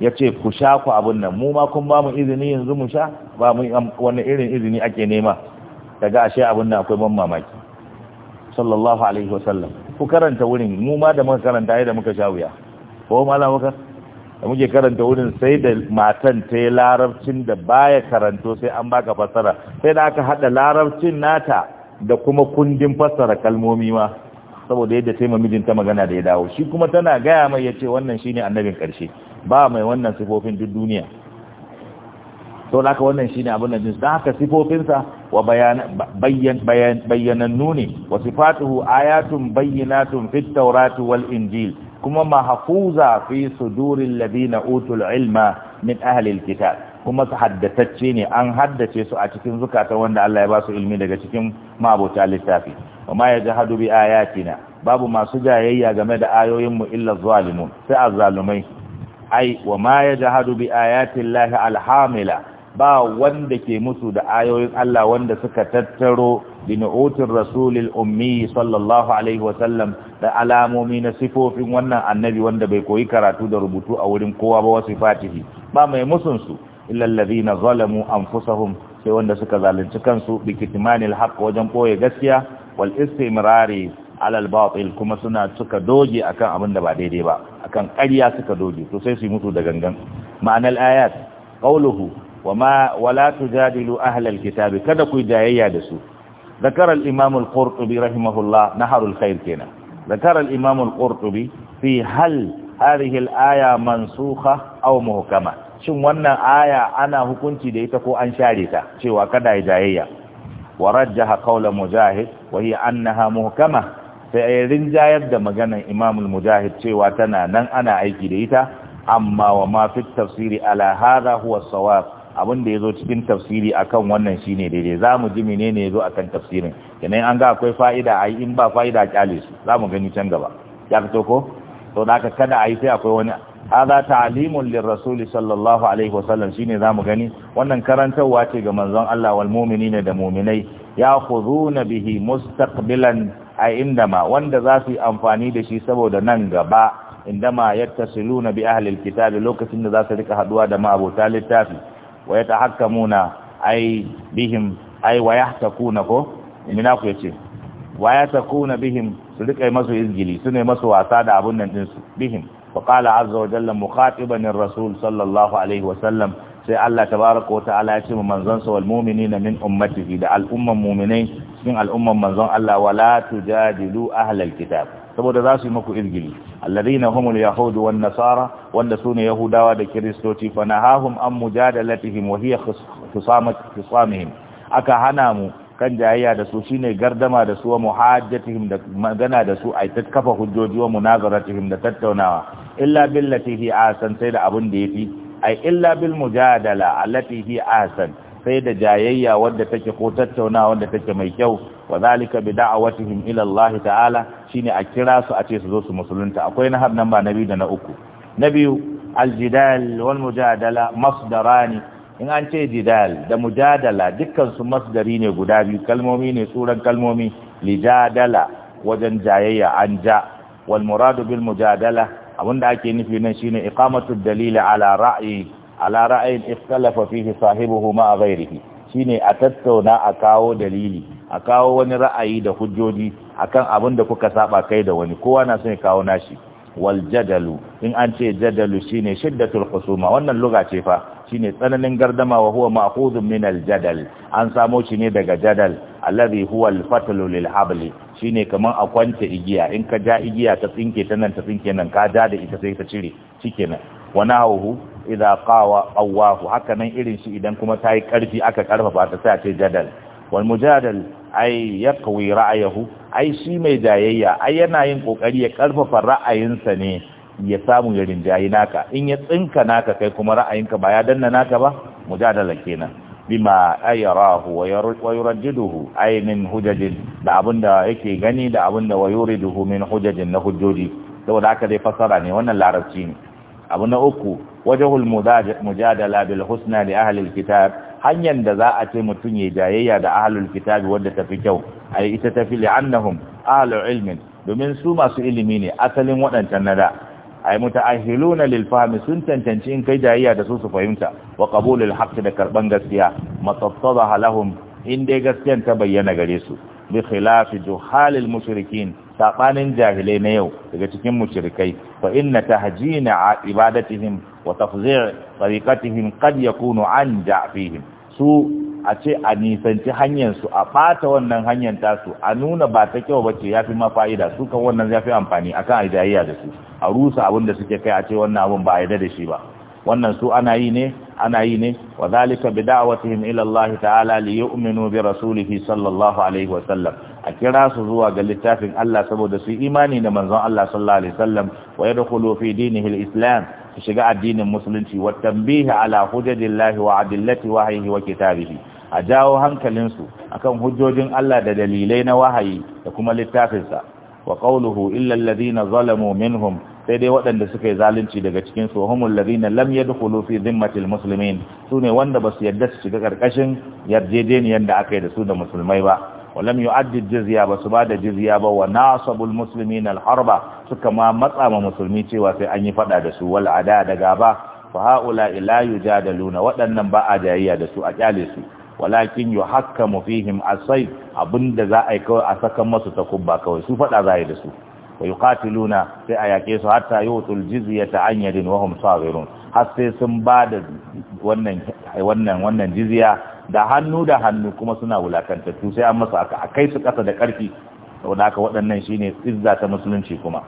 ya ce ku sha ku abin nan mu ma kun ba mu izini yanzu mu sha ba mu wani irin izini ake nema ta ga ashe abin nan akwai ban mamaki sallallahu alaihi wasallam ku karanta wurin mu ma da muka karanta yadda muka sha wuya ko malam muka da muke karanta wurin sai da matan ta yi larabcin da baya karanto sai an baka fassara sai da aka hada larabcin nata da kuma kundin fassara kalmomi ma saboda yadda sai ta magana da ya dawo shi kuma tana gaya mai yace wannan shine annabin karshe ba mai wannan sifofin duk duniya to aka wannan shine abin da jinsu haka sifofinsa wa bayan bayyanannu ne wa sifatuhu ayatun bayyanatun fit wal injil kuma mahfuza fi suduril ladina utul ilma min ahalil kitab kuma su haddatacce ne an haddace su a cikin zukatan wanda Allah ya ba su ilmi daga cikin mabuta littafi amma ya jahadu bi ayatina babu masu jayayya game da ayoyin mu illa zalimun sai azzalumai ai wa ma ya bi ayatin alhamila ba wanda ke musu da ayoyin Allah wanda suka tattaro binu'utin rasulil ummi sallallahu alaihi wasallam da alamomi na sifofin wannan annabi wanda bai koyi karatu da rubutu a wurin kowa ba wasu fatihi ba mai musunsu illa allazina zalamu anfusahum sai wanda suka zalunci kansu bi kitmanil haqq wajen koye gaskiya wal istimrari alal batil kuma suna suka doge akan abin da ba daidai ba akan ƙarya suka doge to sai su mutu da gangan ma'anar ayat qawluhu wama wala tujadilu ahla al kitabi kada ku jayayya da su ذكر الإمام القرطبي رحمه الله نهر الخير كنا ذكر الإمام القرطبي في هل هذه الآية منسوخة أو مهكمة shin wannan aya ana hukunci da ita ko an share ta cewa kada ya jayayya wa rajjaha qawla mujahid wa hi annaha muhkama sai ay rinjayar da maganar imam mujahid cewa tana nan ana aiki da ita amma wa ma fi tafsiri ala hadha huwa sawab abin da yazo cikin tafsiri akan wannan shine daidai zamu ji menene yazo akan tafsirin kenan an ga akwai fa'ida ai in ba fa'ida kyale su zamu gani can gaba ya fito ko to da kada ai sai akwai wani hadha ta'limun lirrasul sallallahu alaihi wasallam shine zamu gani wannan karantarwa ce ga manzon Allah wal mu'minina da mu'minai ya'khuduna bihi mustaqbilan a indama wanda za su yi amfani da shi saboda nan gaba indama yattasiluna bi ahli alkitab lokacin da za su rika haduwa da ma'abota littafi wa yatahakkamuna ay bihim ay wa yahtakuna ko mina ku yace wa yatakuna bihim su rika masu izgili su ne masu wasa da abun nan din su bihim وقال عز وجل مخاطبا الرسول صلى الله عليه وسلم sai Allah tabaraka wa ta'ala ya ce ma manzon sa wal mu'minina min ummatihi da al'umman mu'minai cikin al'umman manzon Allah wala tujadilu ahlal kitab saboda za su yi muku izgili alladhina humul yahudu wan nasara wanda sune yahudawa da kristoci fa nahahum an mujadalatihim wa hiya khisamat khisamihim aka hana mu kan jayayya da su shine gardama da su wa muhajjatihim da magana da su ai ta kafa hujjoji wa munazaratihim da tattaunawa illa billati Latifi Asan sai da abun da yafi ai illa bil mujadala allati Latifi Asan sai da jayayya wanda take ko tattaunawa wanda take mai kyau wa zalika bi da'awatihim ila Allah ta'ala shine a kira su a ce su zo su musulunta akwai na har nan ba na biyu da na uku na biyu aljidal wal mujadala masdarani in an ce jidal da mujadala dukkansu masdari ne guda biyu kalmomi ne tsuran kalmomi lijadala wajen jayayya an ja wal muradu bil mujadala abinda ake nufi nan shine iqamatu dalili ala ra'yi ala ra'yin ikhtalafa fihi sahibuhu ma ghayrihi shine a tattauna a kawo dalili a kawo wani ra'ayi da hujjoji akan abinda kuka saba kai da wani kowa na son ya kawo nashi wal jadalu in an ce jadalu shine shiddatul khusuma wannan lugha ce fa shine tsananin gardama wa huwa ma'khudun min al jadal an samo shi ne daga jadal alladhi huwa al fatlu lil habli ne kamar a kwance igiya in ka ja igiya ta tsinke ta nan ta tsinke nan ka ja da ita sai ta cire nan wana hu idza qawa awahu haka nan irin shi idan kuma ta yi karfi aka karfafa ta sai a ce jadal wal mujadal ai yaqwi ra'ayahu ai shi mai jayayya ai yana yin kokari ya karfafa ra'ayinsa ne ya samu ya rinjayi naka in ya tsinka naka kai kuma ra'ayinka ba ya danna naka ba mujadala kenan bima ayarahu wa yurajjiduhu ay min hujajin da abinda yake gani da abinda wa yuriduhu min hujajin na hujjoji saboda aka dai fasara ne wannan larabci ne abu na uku wajhul mujadala bil husna li ahli kitab hanyar da za a ce mutum ya jayayya da ahlul kitab wanda tafi kyau ai ita tafi li annahum ahlu ilmin domin su masu ilimi ne asalin wadancan nada ay mutaahiluna lil fahmi sun tantance in kai jayayya da su su fahimta wa qabulul haqq da karban gaskiya matattadaha lahum in dai gaskiyan ta bayyana gare su bi khilafi juhalil mushrikin sabanin jahilai na yau daga cikin mushrikai fa inna tahjina ibadatihim wa tafzi' tariqatihim qad yakunu an ja'fihim su a ce a nisanci hanyarsu a ɓata wannan hanyar tasu a nuna ba ta kyau bace ya fi mafaida su kan wannan ya fi amfani a kan ajiyayya da su a rusa abin da suke kai a ce wannan abin ba a da shi ba wannan su ana yi ne ana yi ne wa zalika bi da'watihim ila Allah ta'ala li yu'minu bi rasulihi sallallahu alaihi wa sallam a kira su zuwa ga littafin Allah saboda su imani da manzon Allah sallallahu alaihi sallam wa yadkhulu fi dinihi al-islam su shiga addinin musulunci wa tambihi ala hujjatillahi wa adillati wahyihi wa kitabihi a jawo hankalinsu akan hujjojin Allah da dalilai na wahayi da kuma littafinsa wa qawluhu illal ladina zalamu minhum sai dai waɗanda suka yi zalunci daga cikin su humul ladina lam yadkhulu fi zimmatil su sune wanda basu yadda su shiga karkashin yarjejeniyar da aka yi da su da musulmai ba ba ba ba su da suka ولم يعد الجزية بسباد الجزية وناصبوا المسلمين الحرب سكما مطعم مسلمي تيوا في أن يفدى دسو jadaluna waɗannan ba a jayayya da su a kyale su. walakin yu hakka fihim asai abinda za a yi kawai a sakan masu takubba kawai su faɗa za da su wa yuqatiluna sai a yake su hatta yutul ta an yadin wa hum saghirun har sai sun ba da wannan wannan wannan da hannu da hannu kuma suna wulakantattu sai an masa aka kai su kasa da karfi saboda haka waɗannan shine tsizza ta musulunci kuma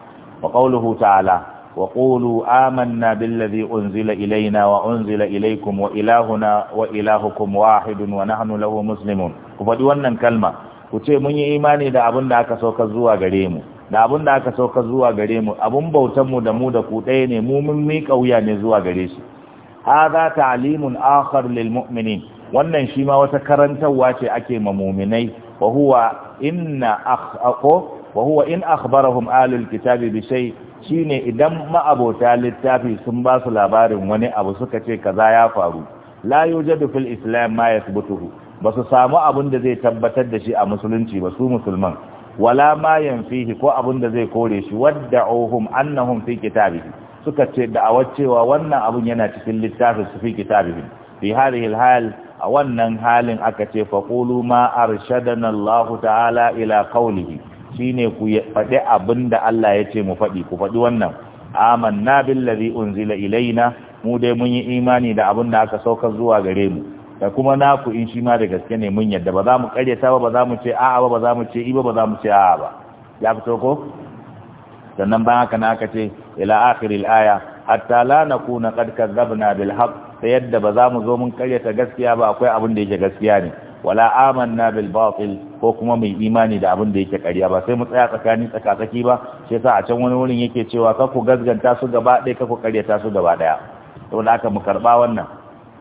wa qawluhu ta'ala وقولوا آمنا بالذي أنزل إلينا وأنزل إليكم وإلهنا وإلهكم واحد ونحن له مسلمون wannan kalma kuce mun yi imani da abin da aka sauka zuwa gare mu da abin da aka sauka zuwa gare mu abin bautan mu da mu da ku ɗaya ne mu mun mi kauya ne zuwa gare shi hadha ta'limun akhar lil mu'minin wannan shi ma wata karantarwa ce ake ma mu'minai wa huwa inna akhaqo wa huwa in akhbarahum ahlul kitabi bi shine idan ma'abota littafi sun ba su labarin wani abu suka ce kaza ya faru la yujadu islam ma yathbutuhu ba su samu abin da zai tabbatar da shi a musulunci ba su musulman wala ma yanfihi ko abin da zai kore shi wadda'uhum annahum fi kitabihi suka ce a wacewa wannan abun yana cikin littafin su fi kitabihi fi hadhihi al a wannan halin aka ce faqulu ma arshadana Allah ta'ala ila qawlihi shine ku faɗi abin da Allah ya ce mu faɗi ku faɗi wannan amanna billazi unzila ilaina mu dai mun yi imani da abin da aka saukar zuwa gare mu da kuma na ku in shi ma da gaske ne mun yadda ba za mu karyata ba ba za mu ce a'a ba ba za mu ce i ba ba za mu ce a'a ba ya fito ko sannan bayan haka na aka ce ila akhiril aya hatta la nakuna qad kadzabna bil haqq da yadda ba za mu zo mun karyata gaskiya ba akwai abin da yake gaskiya ne wala amanna bil batil ko kuma mai imani da abin da yake ƙarya ba sai mu tsaya tsakanin tsakatsaki ba sai sa a can wani wurin yake cewa ka ku gazganta su gaba ɗaya ka ku ƙaryata su gaba ɗaya to aka mu karba wannan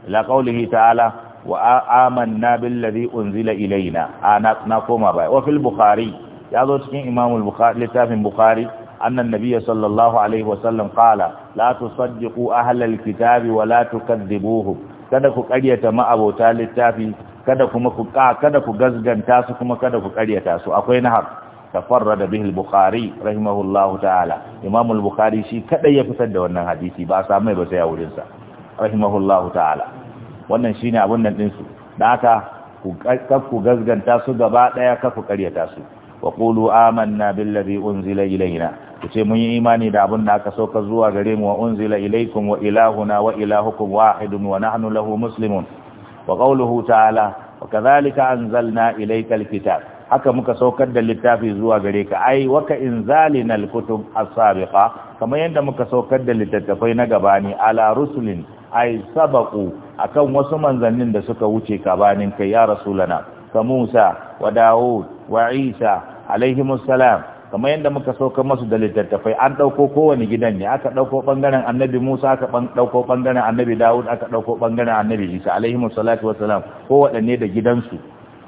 ila qaulihi ta'ala wa amanna bil ladhi unzila ilaina ana na koma ba wa fil bukhari ya zo cikin imam bukhari littafin bukhari أن النبي صلى الله عليه وسلم ku لا تصدقوا kitabi الكتاب ولا تكذبوهم kada ku ƙaryata ma'abota littafi kada kuma ku kada ku gazganta su kuma kada ku karyata su akwai nahar tafarrada bihi al-bukhari rahimahullahu ta'ala imam al-bukhari shi kada ya fitar da wannan hadisi ba sa mai ba sai a wurin sa rahimahullahu ta'ala wannan shine abun nan din su dan haka ku ku gazganta su gaba daya ka ku karyata su wa qulu amanna billadhi unzila ilayna ku ce mun yi imani da abun da aka sauka zuwa gare mu wa unzila ilaikum wa ilahuna wa ilahukum wahidun wa nahnu lahu muslimun wa qawluhu ta'ala wa kadhalika anzalna ilaykal kitab haka muka saukar da littafi zuwa gare ka ai waka inzalinal kutub as-sabiqa kamar yadda muka saukar da littattafai na gabani ala rusulin ai sabaqu akan wasu manzannin da suka wuce gabanin kai ya rasulana ka Musa wa Dawud wa Isa alaihimus salam kamar yadda muka sauka masu da littattafai an ɗauko kowane gidan ne aka ɗauko ɓangaren annabi musa aka ɗauko ɓangaren annabi dawud aka ɗauko ɓangaren annabi isa alaihi musallatu wasalam ko waɗanne da gidansu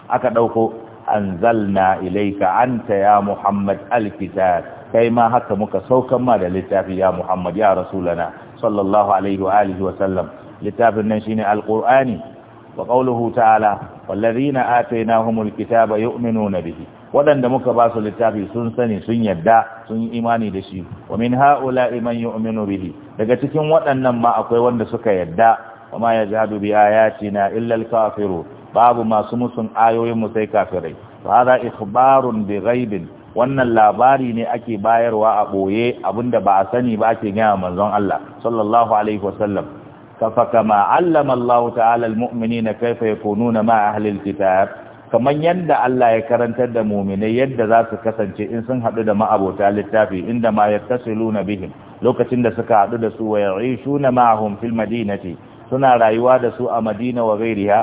aka ɗauko anzalna ilaika anta ya muhammad alkitab kai ma haka muka saukan ma da littafi ya muhammad ya rasulana sallallahu alaihi wa alihi wa sallam littafin nan shine alqur'ani wa qawluhu ta'ala wallazina atainahumul kitaba yu'minuna bihi waɗanda muka ba su littafi sun sani sun yadda sun yi imani da shi wa min haula man yu'minu bihi daga cikin waɗannan ma akwai wanda suka yadda wa ma yajhadu bi ayatina illa al-kafiru babu masu musun ayoyin mu sai kafirai fa hada ikhbarun bi ghaibin wannan labari ne ake bayarwa a boye abinda ba a sani ba ake gaya manzon Allah sallallahu alaihi wasallam فكما علم الله تعالى المؤمنين كيف ma مع أهل الكتاب kamar yadda Allah ya karantar da muminai yadda za su kasance in sun haɗu da ma'abota littafi inda ma ya tasiluna bihim lokacin da suka haɗu da su wa ya'ishuna ma'ahum fil madinati suna rayuwa da su a Madina wa gairiha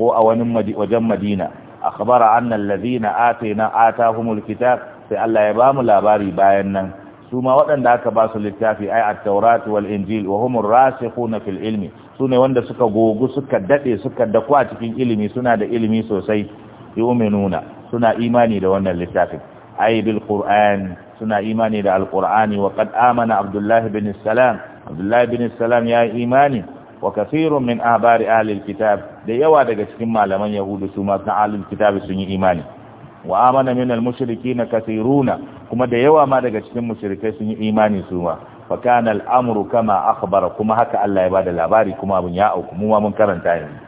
ko a wani wajen Madina akhbara anna alladhina atina humul kitab sai Allah ya bamu labari bayan nan su ma waɗanda aka ba su littafi ai at-taurat wal injil wa humur rasikhuna fil ilmi su ne wanda suka gogu suka daɗe suka dako a cikin ilimi suna da ilimi sosai nuna suna imani da wannan littafin ay bil qur'an suna imani da alqur'ani wa qad amana abdullahi bin salam abdullahi bin salam ya imani wa kathirun min abari ahli kitab da yawa daga cikin malaman yahudu su ma na ahli alkitab sun yi imani wa amana min almushrikin kathiruna kuma da yawa ma daga cikin mushrikai sun yi imani su ma fa kana al'amru kama akhbara kuma haka Allah ya bada labari kuma abun ya auku mu ma mun karanta yanzu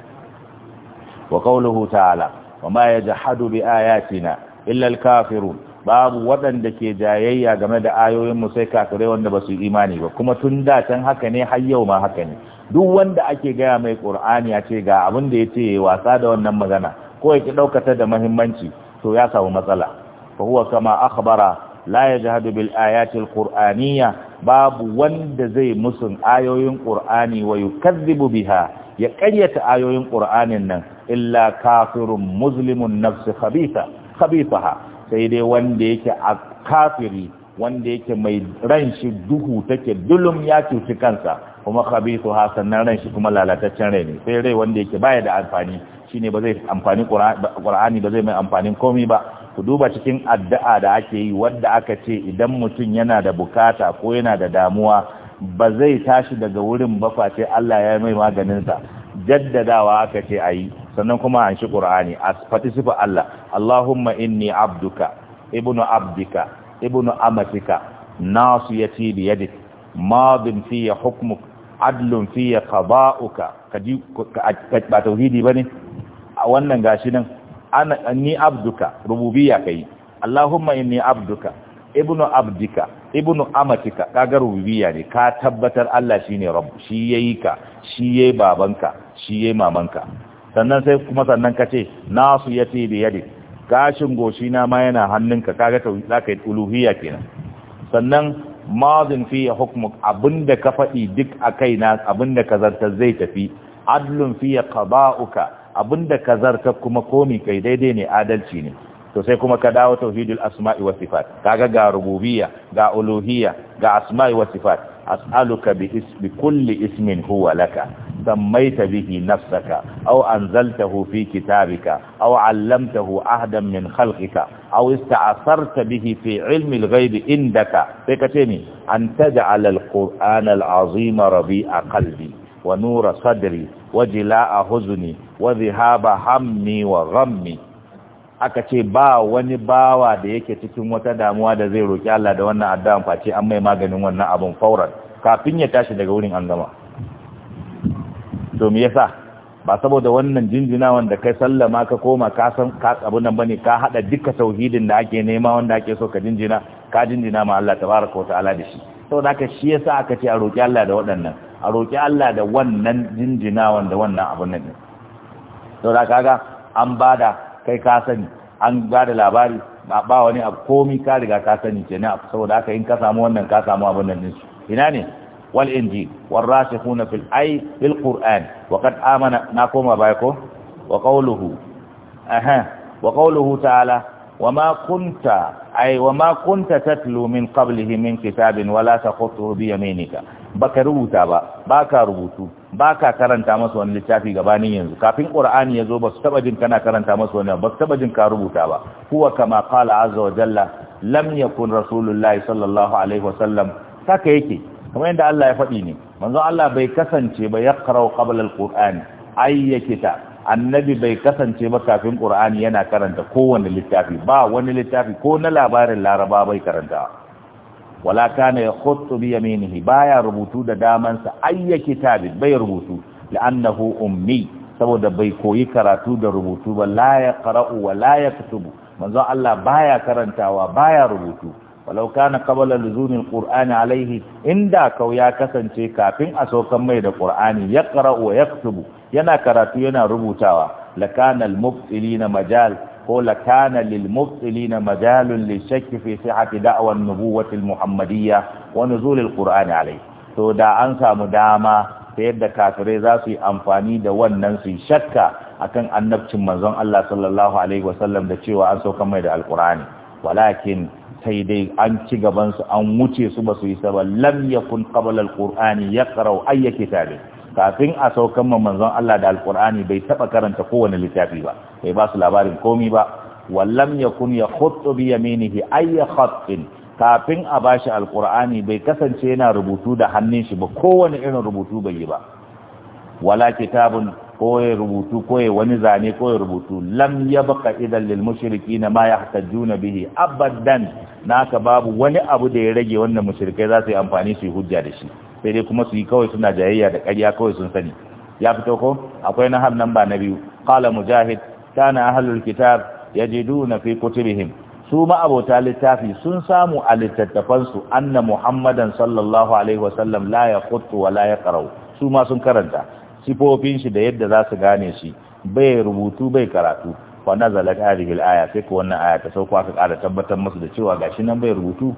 wa qawluhu ta'ala wa ma yajhadu bi ayatina illa al-kafirun babu waɗanda ke jayayya game da ayoyin mu sai kafirai wanda basu yi imani ba kuma tun da can haka ne har yau ma haka ne duk wanda ake gaya mai qur'ani ya ce ga abin da yace wasa da wannan magana ko ki daukata da muhimmanci to ya samu matsala fa huwa kama akhbara la yajhadu bil ayati al qur'aniyya babu wanda zai musun ayoyin qur'ani wa yukazzibu biha ya ƙaryata ayoyin qur'anin nan illa kafirun muslimun nafsi khabitha khabithaha sai dai wanda yake kafiri wanda yake mai ran shi duhu take dulum ya cuci kansa kuma Ha sannan ran shi kuma lalataccen rai ne sai rai wanda yake baya da amfani shine ba zai amfani qur'ani ba zai mai amfanin komai ba ku duba cikin addu'a da ake yi wadda aka ce idan mutum yana da bukata ko yana da damuwa ba zai tashi daga wurin ba face Allah ya mai maganin maganinsa jaddadawa aka ce a sannan kuma an shi ƙur'ani a fatisifa Allah Allahumma inni abduka ibnu abdika ibnu amatika nasu ya ci bi yadik madin fiye hukmuk adlun fiye ka ba'uka ka ba tauhidi ba ne a wannan gashi nan ana ni abduka rububiyya kai Allahumma inni abduka ibnu abdika ibnu amatika kaga rububiyya ne ka tabbatar Allah shine rabb shi yayi ka shi yayi babanka shi yayi mamanka sannan sai kuma sannan kace nasu yati bi yadi gashin goshi na ma yana hannunka kaga ta zaka yi uluhiyya kenan sannan mazin fi hukmuk abinda ka faɗi duk a na abinda ka zartar zai tafi adlun fi qada'uka abinda ka zarta kuma komi kai daidai ne adalci ne to sai kuma ka dawo tauhidul asma'i was sifat kaga ga rububiyya ga uluhiyya ga asma'i was sifat as'aluka bi ismi kulli ismin huwa laka sammaita bihi nafsaka aw anzaltahu fi kitabika aw 'allamtahu ahadan min khalqika aw ista'sarta bihi fi 'ilmi al-ghaibi indaka sai ka ce ni an taj'al al-qur'ana al-'azima rabi'a qalbi wa nura sadri wajila a huzuni Wazi zihaba hammi wa ghammi aka ce ba wani bawa da yake cikin wata damuwa da zai roki Allah da wannan addu'a face an mai maganin wannan abun fauran kafin ya tashi daga wurin an gama to me yasa ba saboda wannan jinjina wanda kai sallama ka koma ka san ka abun nan bane ka hada duka tauhidin da ake nema wanda ake so ka jinjina ka jinjina ma Allah tabaraka wa ta'ala da shi saboda haka shi yasa aka ce a roƙi Allah da waɗannan a roƙi Allah da wannan jinjinawan da wannan abun nan da kaga an bada kai ka sani an da labari ba ba wani abu komi ka riga ka sani ne saboda haka in ka samu wannan ka samu abun nan ina ne wal inji war rasikhuna fil ay fil qur'an wa kad amana na koma baya ko wa qawluhu aha wa qawluhu ta'ala wa ma kunta Aiwa wa ma kunta tatlu min qablihi min kitabin wala taqutuhu bi yaminika baka rubuta ba baka rubutu baka karanta masa wani littafi gabanin yanzu kafin qur'ani yazo ba su taba jin kana karanta masa wani ba su taba jin ka rubuta ba huwa kama qala azza wa jalla lam yakun rasulullahi sallallahu alaihi wasallam saka yake kamar yadda Allah ya faɗi ne manzo Allah bai kasance ba yaqra'u qabla al-qur'ani ayyakita annabi bai kasance ba kafin ƙur'ani yana karanta kowane littafi ba wani littafi ko na labarin laraba bai karanta wala kana yakhuttu bi yaminihi baya rubutu da damansa ayya kitabi bai rubutu la'annahu ummi saboda bai koyi karatu da rubutu ba la yaqra'u wa la yaktubu manzo Allah baya karantawa baya rubutu walau kana qabla luzumil qur'ani alaihi inda kau ya kasance kafin a saukan mai da qur'ani yaqra'u wa yaktubu yana karatu yana rubutawa lakana al-mubtilina majal ko lakana lil mubtilina majalun lishakki fi sihhati da'wa nubuwwati al-muhammadiyya wa nuzul al-qur'ani alaihi to da an samu dama ta yadda kafirai za su yi amfani da wannan su shakka akan annabcin manzon Allah sallallahu alaihi wasallam da cewa an sauka mai da alqur'ani walakin sai dai an ci gabansu an wuce su ba su yi saba lam yakun qabla alqur'ani yaqra'u ayya kitabe kafin a saukan ma manzon Allah da alkur'ani bai taba karanta kowane littafi ba bai ba su labarin komi ba wallam ya yakhuttu bi yaminihi ayya khatin kafin a bashi alkur'ani bai kasance yana rubutu da hannun shi ba kowane irin rubutu bai yi ba wala kitabun ko ya rubutu ko ya wani zane ko ya rubutu lam yabqa idan na mushrikin ma juna bihi abadan naka babu wani abu da ya rage wannan mushrikai za su yi amfani su yi hujja da shi sai dai kuma su yi kawai suna jayayya da ƙarya kawai sun sani ya fito ko akwai na har namba na biyu qala mujahid kana ahlul kitab yajiduna fi kutubihim su ma'abota littafi sun samu a littattafansu anna muhammadan sallallahu alaihi wasallam la ya kutu wa la ya karau su ma sun karanta sifofin shi da yadda za su gane shi bai rubutu bai karatu fa nazalat hadhihi aya sai ko wannan aya ta sauko aka kara tabbatar musu da cewa gashi nan bai rubutu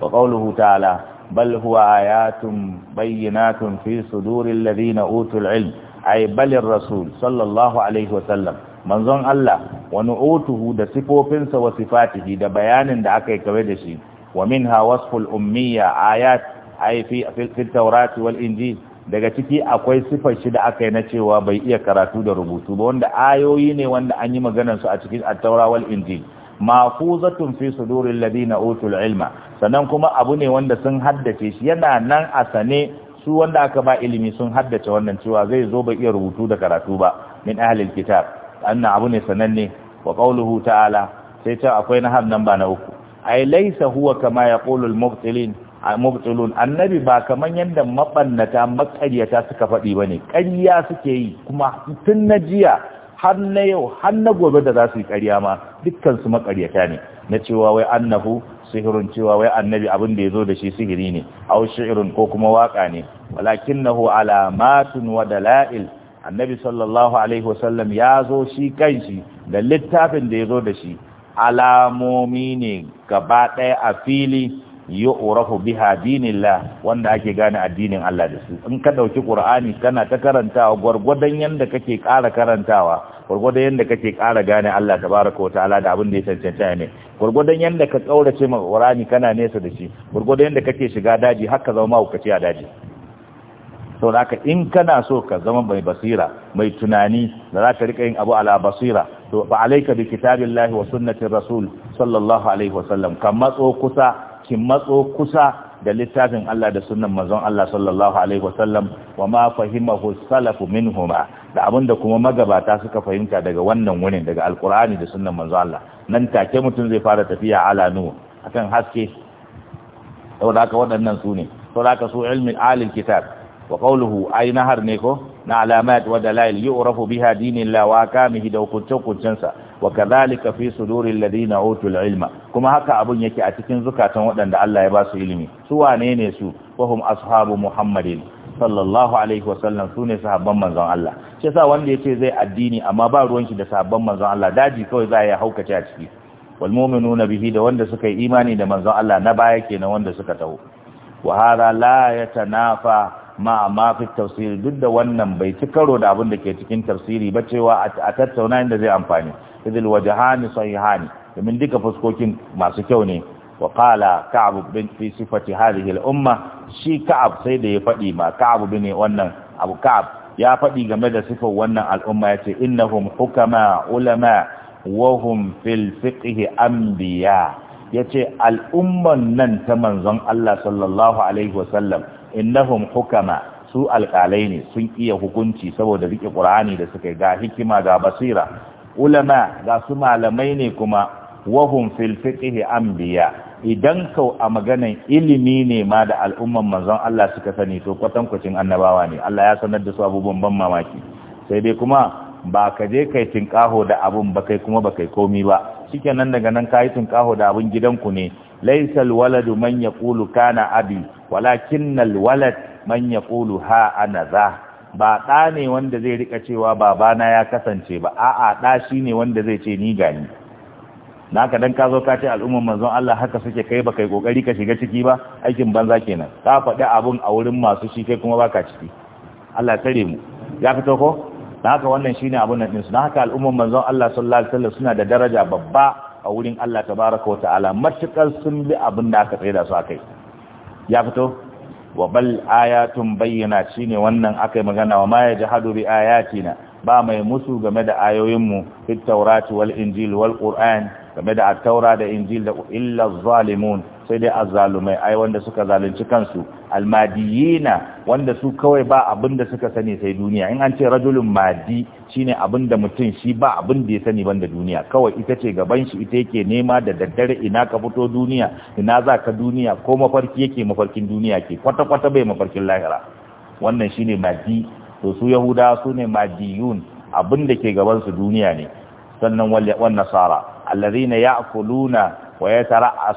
wa qawluhu ta'ala bal huwa ayatun bayyinatun fi suduril ladina utul ilm ay bal ar-rasul sallallahu alaihi wa sallam manzon Allah wa nu'utuhu da sifofinsa wa sifatihi da bayanin da aka yi kawai da shi wa minha wasful ummiya ayat ay fi fil tawrati wal injil daga ciki akwai sifar shi da aka yi na cewa bai iya karatu da rubutu ba wanda ayoyi ne wanda an yi maganar su a cikin at-taura wal injil mafuzatun fi suduril ladina utul ilma sannan kuma abu ne wanda sun haddace shi yana nan a sane su wanda aka ba ilimi sun haddace wannan cewa zai zo bai iya rubutu da karatu ba min ahlil kitab anna abu ne sananne wa qawluhu ta'ala sai ta akwai na har nan ba na uku ai laysa huwa kama yaqulu al-mubtilin mubtilun annabi ba kaman yanda mabannata makaryata suka faɗi bane ƙarya suke yi kuma tun na jiya har na yau har na gobe da za su yi ƙarya ma dukkan su ne na cewa wai annahu sihirun cewa wai annabi abin da yazo da shi sihiri ne aw shi'run ko kuma waka ne walakinahu alamatun wa dalail annabi sallallahu alaihi wasallam ya zo shi kanshi da littafin da yazo da shi alamomi ne gaba ɗaya a fili yu'rafu biha dinillah wanda ake gane addinin Allah da su in ka dauki Qur'ani kana ta karantawa gurgurdan yanda kake ƙara karantawa gurgurdan yanda kake ƙara gane Allah tabaraka ta'ala da abin da ya cancanta ne gurgurdan yanda ka kaurace ma Qur'ani kana nesa da shi gurgurdan yanda kake shiga daji haka zama hukaci a daji to da in kana so ka zama mai basira mai tunani da za ka rika yin abu ala basira to ba alaika bi kitabillahi wa sunnatin rasul sallallahu alaihi wa sallam ka matso kusa ki matso kusa da littafin Allah da sunan manzon Allah sallallahu alaihi wasallam wa ma fahimahu salafu minhuma da abinda kuma magabata suka fahimta daga wannan wurin daga alqur'ani da sunan manzon Allah nan take mutum zai fara tafiya ala nu akan haske saboda ka waɗannan su ne saboda haka su ilmin alil kitab wa qawluhu ay nahar ne ko na alamat wa dalail yu'rafu biha dinillah wa kamihi da hukuncin sa. wa kadhalika fi suduril ladina utul ilma kuma haka abun yake a cikin zukatan waɗanda Allah ya ba su ilimi su wane ne su wahum ashabu muhammadin sallallahu alaihi wasallam su ne sahabban manzon Allah shi yasa wanda yace zai addini amma ba ruwan shi da sahabban manzon Allah daji kawai za ya haukace a ciki wal mu'minuna bihi da wanda suka yi imani da manzon Allah na baya kenan wanda suka taho wa hada la yatanafa ma ma fi tafsiri duk da wannan bai ci karo da abin da ke cikin tafsiri ba cewa a tattauna inda zai amfani idil wajhani sahihani domin duka fuskokin masu kyau ne wa qala ka'ab bin fi sifati hadhihi al-umma shi ka'ab sai da ya fadi ma ka'ab bin wannan abu ka'ab ya fadi game da sifar wannan al'umma yace innahum hukama ulama wa hum fil fiqhi anbiya yace al'umman nan ta manzon Allah sallallahu alaihi wasallam innahum hukama su alkalai ne sun iya hukunci saboda rike ƙur'ani da suka ga hikima ga basira ulama ga su malamai ne kuma wahum fil an anbiya idan kau a maganan ilimi ne ma da al'umman manzon Allah suka sani to kucin annabawa ne Allah ya sanar da su abubuwan ban mamaki sai dai kuma ba ka je kai tinkaho da abun ba kai kuma ba kai komi ba shikenan daga nan kai tinkaho da abun gidanku ne laysal waladu man yaqulu kana abi walakinnal walad man yaqulu ha anaza. ba ɗa ne wanda zai rika cewa babana ya kasance ba a'a ɗa shi ne wanda zai ce ni gani na ka dan ka zo ka ce al'umman manzon Allah haka suke kai ba kai kokari ka shiga ciki ba aikin banza kenan ka faɗi abun a wurin masu shi kai kuma baka ciki Allah tare mu ya fito ko Na haka wannan shine abun nan din su Na haka al'umman manzon Allah sallallahu alaihi wasallam suna da daraja babba a wurin Allah tabaaraka wa ta'ala matukar sun bi abin da aka tsaya da su akai ya fito wa bal ayatun bayyana shine wannan akai magana wa ma yajhadu bi ayatina ba mai musu game da ayoyinmu fit tawrati wal injil wal qur'an game da at-taura da injil da illa zalimun sai dai azzalumai ai wanda suka zalunci kansu almadiyina wanda su kawai ba abin da suka sani sai duniya in an ce rajulun madi shine abin da mutum shi ba abin da ya sani banda duniya kawai ita ce gaban shi ita yake nema da daddare ina ka fito duniya ina za ka duniya ko mafarki yake mafarkin duniya ke kwata kwata bai mafarkin lahira wannan shine madi to su yahuda su ne madiyun abin da ke gaban su duniya ne sannan wannan nasara allazina ya'kuluna wa ya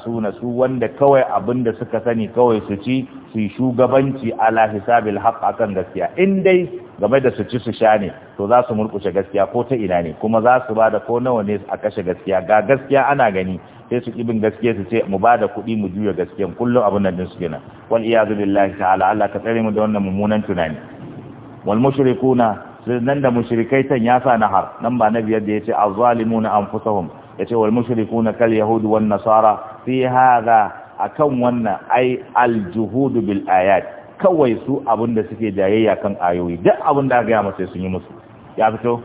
suna su wanda kawai abinda suka sani kawai su ci su yi shugabanci ala hisabil haqq akan gaskiya in dai game da su ci su sha ne to za su murkushe gaskiya ko ta ina ne kuma za su da ko nawa ne a kashe gaskiya ga gaskiya ana gani sai su ibin gaskiya su ce mu bada kuɗi mu juya gaskiyan kullum abin nan din su kenan wal iyazu billahi ta'ala Allah ka tsare mu da wannan mummunan tunani wal mushrikuna nan da mushrikai tan ya sa nahar nan ba na biyar da yace azzalimuna anfusahum yace wal mushrikuna kal yahud wan nasara fi hadha akan wannan ai al juhud bil ayat kawai su abinda suke jayayya kan ayoyi duk abinda aka gaya masa sun yi musu ya fito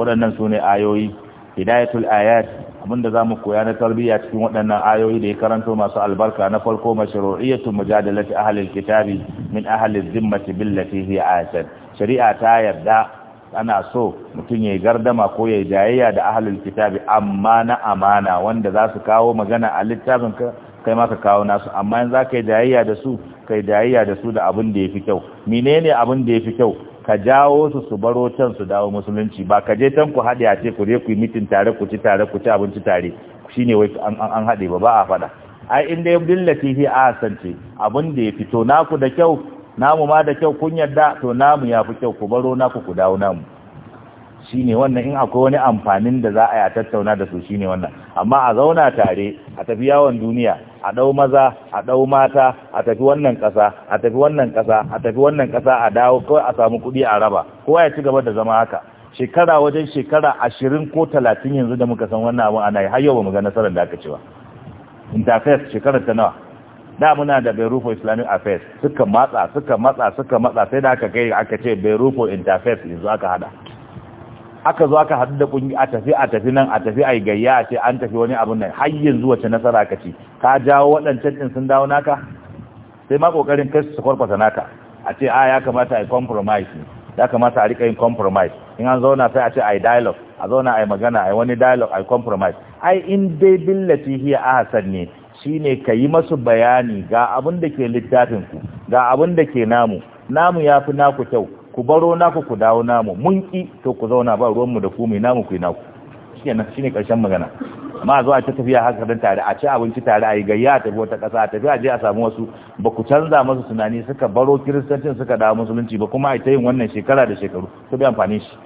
waɗannan sune ayoyi hidayatul ayat abinda zamu koya na tarbiyya cikin waɗannan ayoyi da ya karanto masu albarka na farko mashru'iyatu mujadalati ahli alkitabi min ahli dhimmati billati hiya ayat shari'a ta yarda ana so mutum ya yi gardama ko ya yi jayayya da ahalin kitabi amma na amana wanda za su kawo magana a littafin kai maka kawo nasu amma yanzu za ka yi jayayya da su ka yi jayayya da su da abin da ya fi kyau ne abin da ya fi kyau ka jawo su su baro can su dawo musulunci ba ka je can ku haɗe a ce ku je ku yi mitin tare ku ci tare ku ci abinci tare Shi ne wai an haɗe ba ba a faɗa ai in dai billati fi san ce abin da ya fito naku da kyau namu ma da kyau kun yarda to namu ya fi kyau ku baro naku ku dawo namu ne wannan in akwai wani amfanin da za a yi a tattauna da su shi ne wannan amma a zauna tare a tafi yawon duniya a ɗau maza a ɗau mata a tafi wannan ƙasa a tafi wannan ƙasa a tafi wannan ƙasa a dawo kawai a samu kuɗi a raba Ko ya ci gaba da zama haka shekara wajen shekara ashirin ko talatin yanzu da muka san wannan abu ana yi har yau ba mu ga nasarar da aka ci ba shekarar ta nawa da muna da Bureau for Islamic Affairs suka matsa suka matsa suka matsa sai da aka kai aka ce Bureau for Interfaith yanzu aka hada aka zo aka hadu da kungi a tafi a tafi nan a tafi ai gayya a ce an tafi wani abun nan har yanzu wace nasara ka ci ka jawo waɗancan din sun dawo naka sai ma kokarin kai su kwarkwata naka a ce a ya kamata a yi compromise ya kamata a rika yin compromise in an zauna sai a ce a yi dialogue a zauna a yi magana a yi wani dialogue a yi compromise ai in dai billati hiya ahsan ne shine ka yi masu bayani ga abin da ke littafinku ga abin da ke namu namu ya fi naku kyau ku baro naku ku dawo namu mun ki to ku zauna ba ruwanmu da ku mai namu ku yi naku shi ne ƙarshen magana amma zuwa ta tafiya haka don tare a ci abinci tare a yi gayya a tafi wata ƙasa a tafi a je a samu wasu ba ku canza masu tunani suka baro kiristancin suka dawo musulunci ba kuma a ta yin wannan shekara da shekaru to bi amfani shi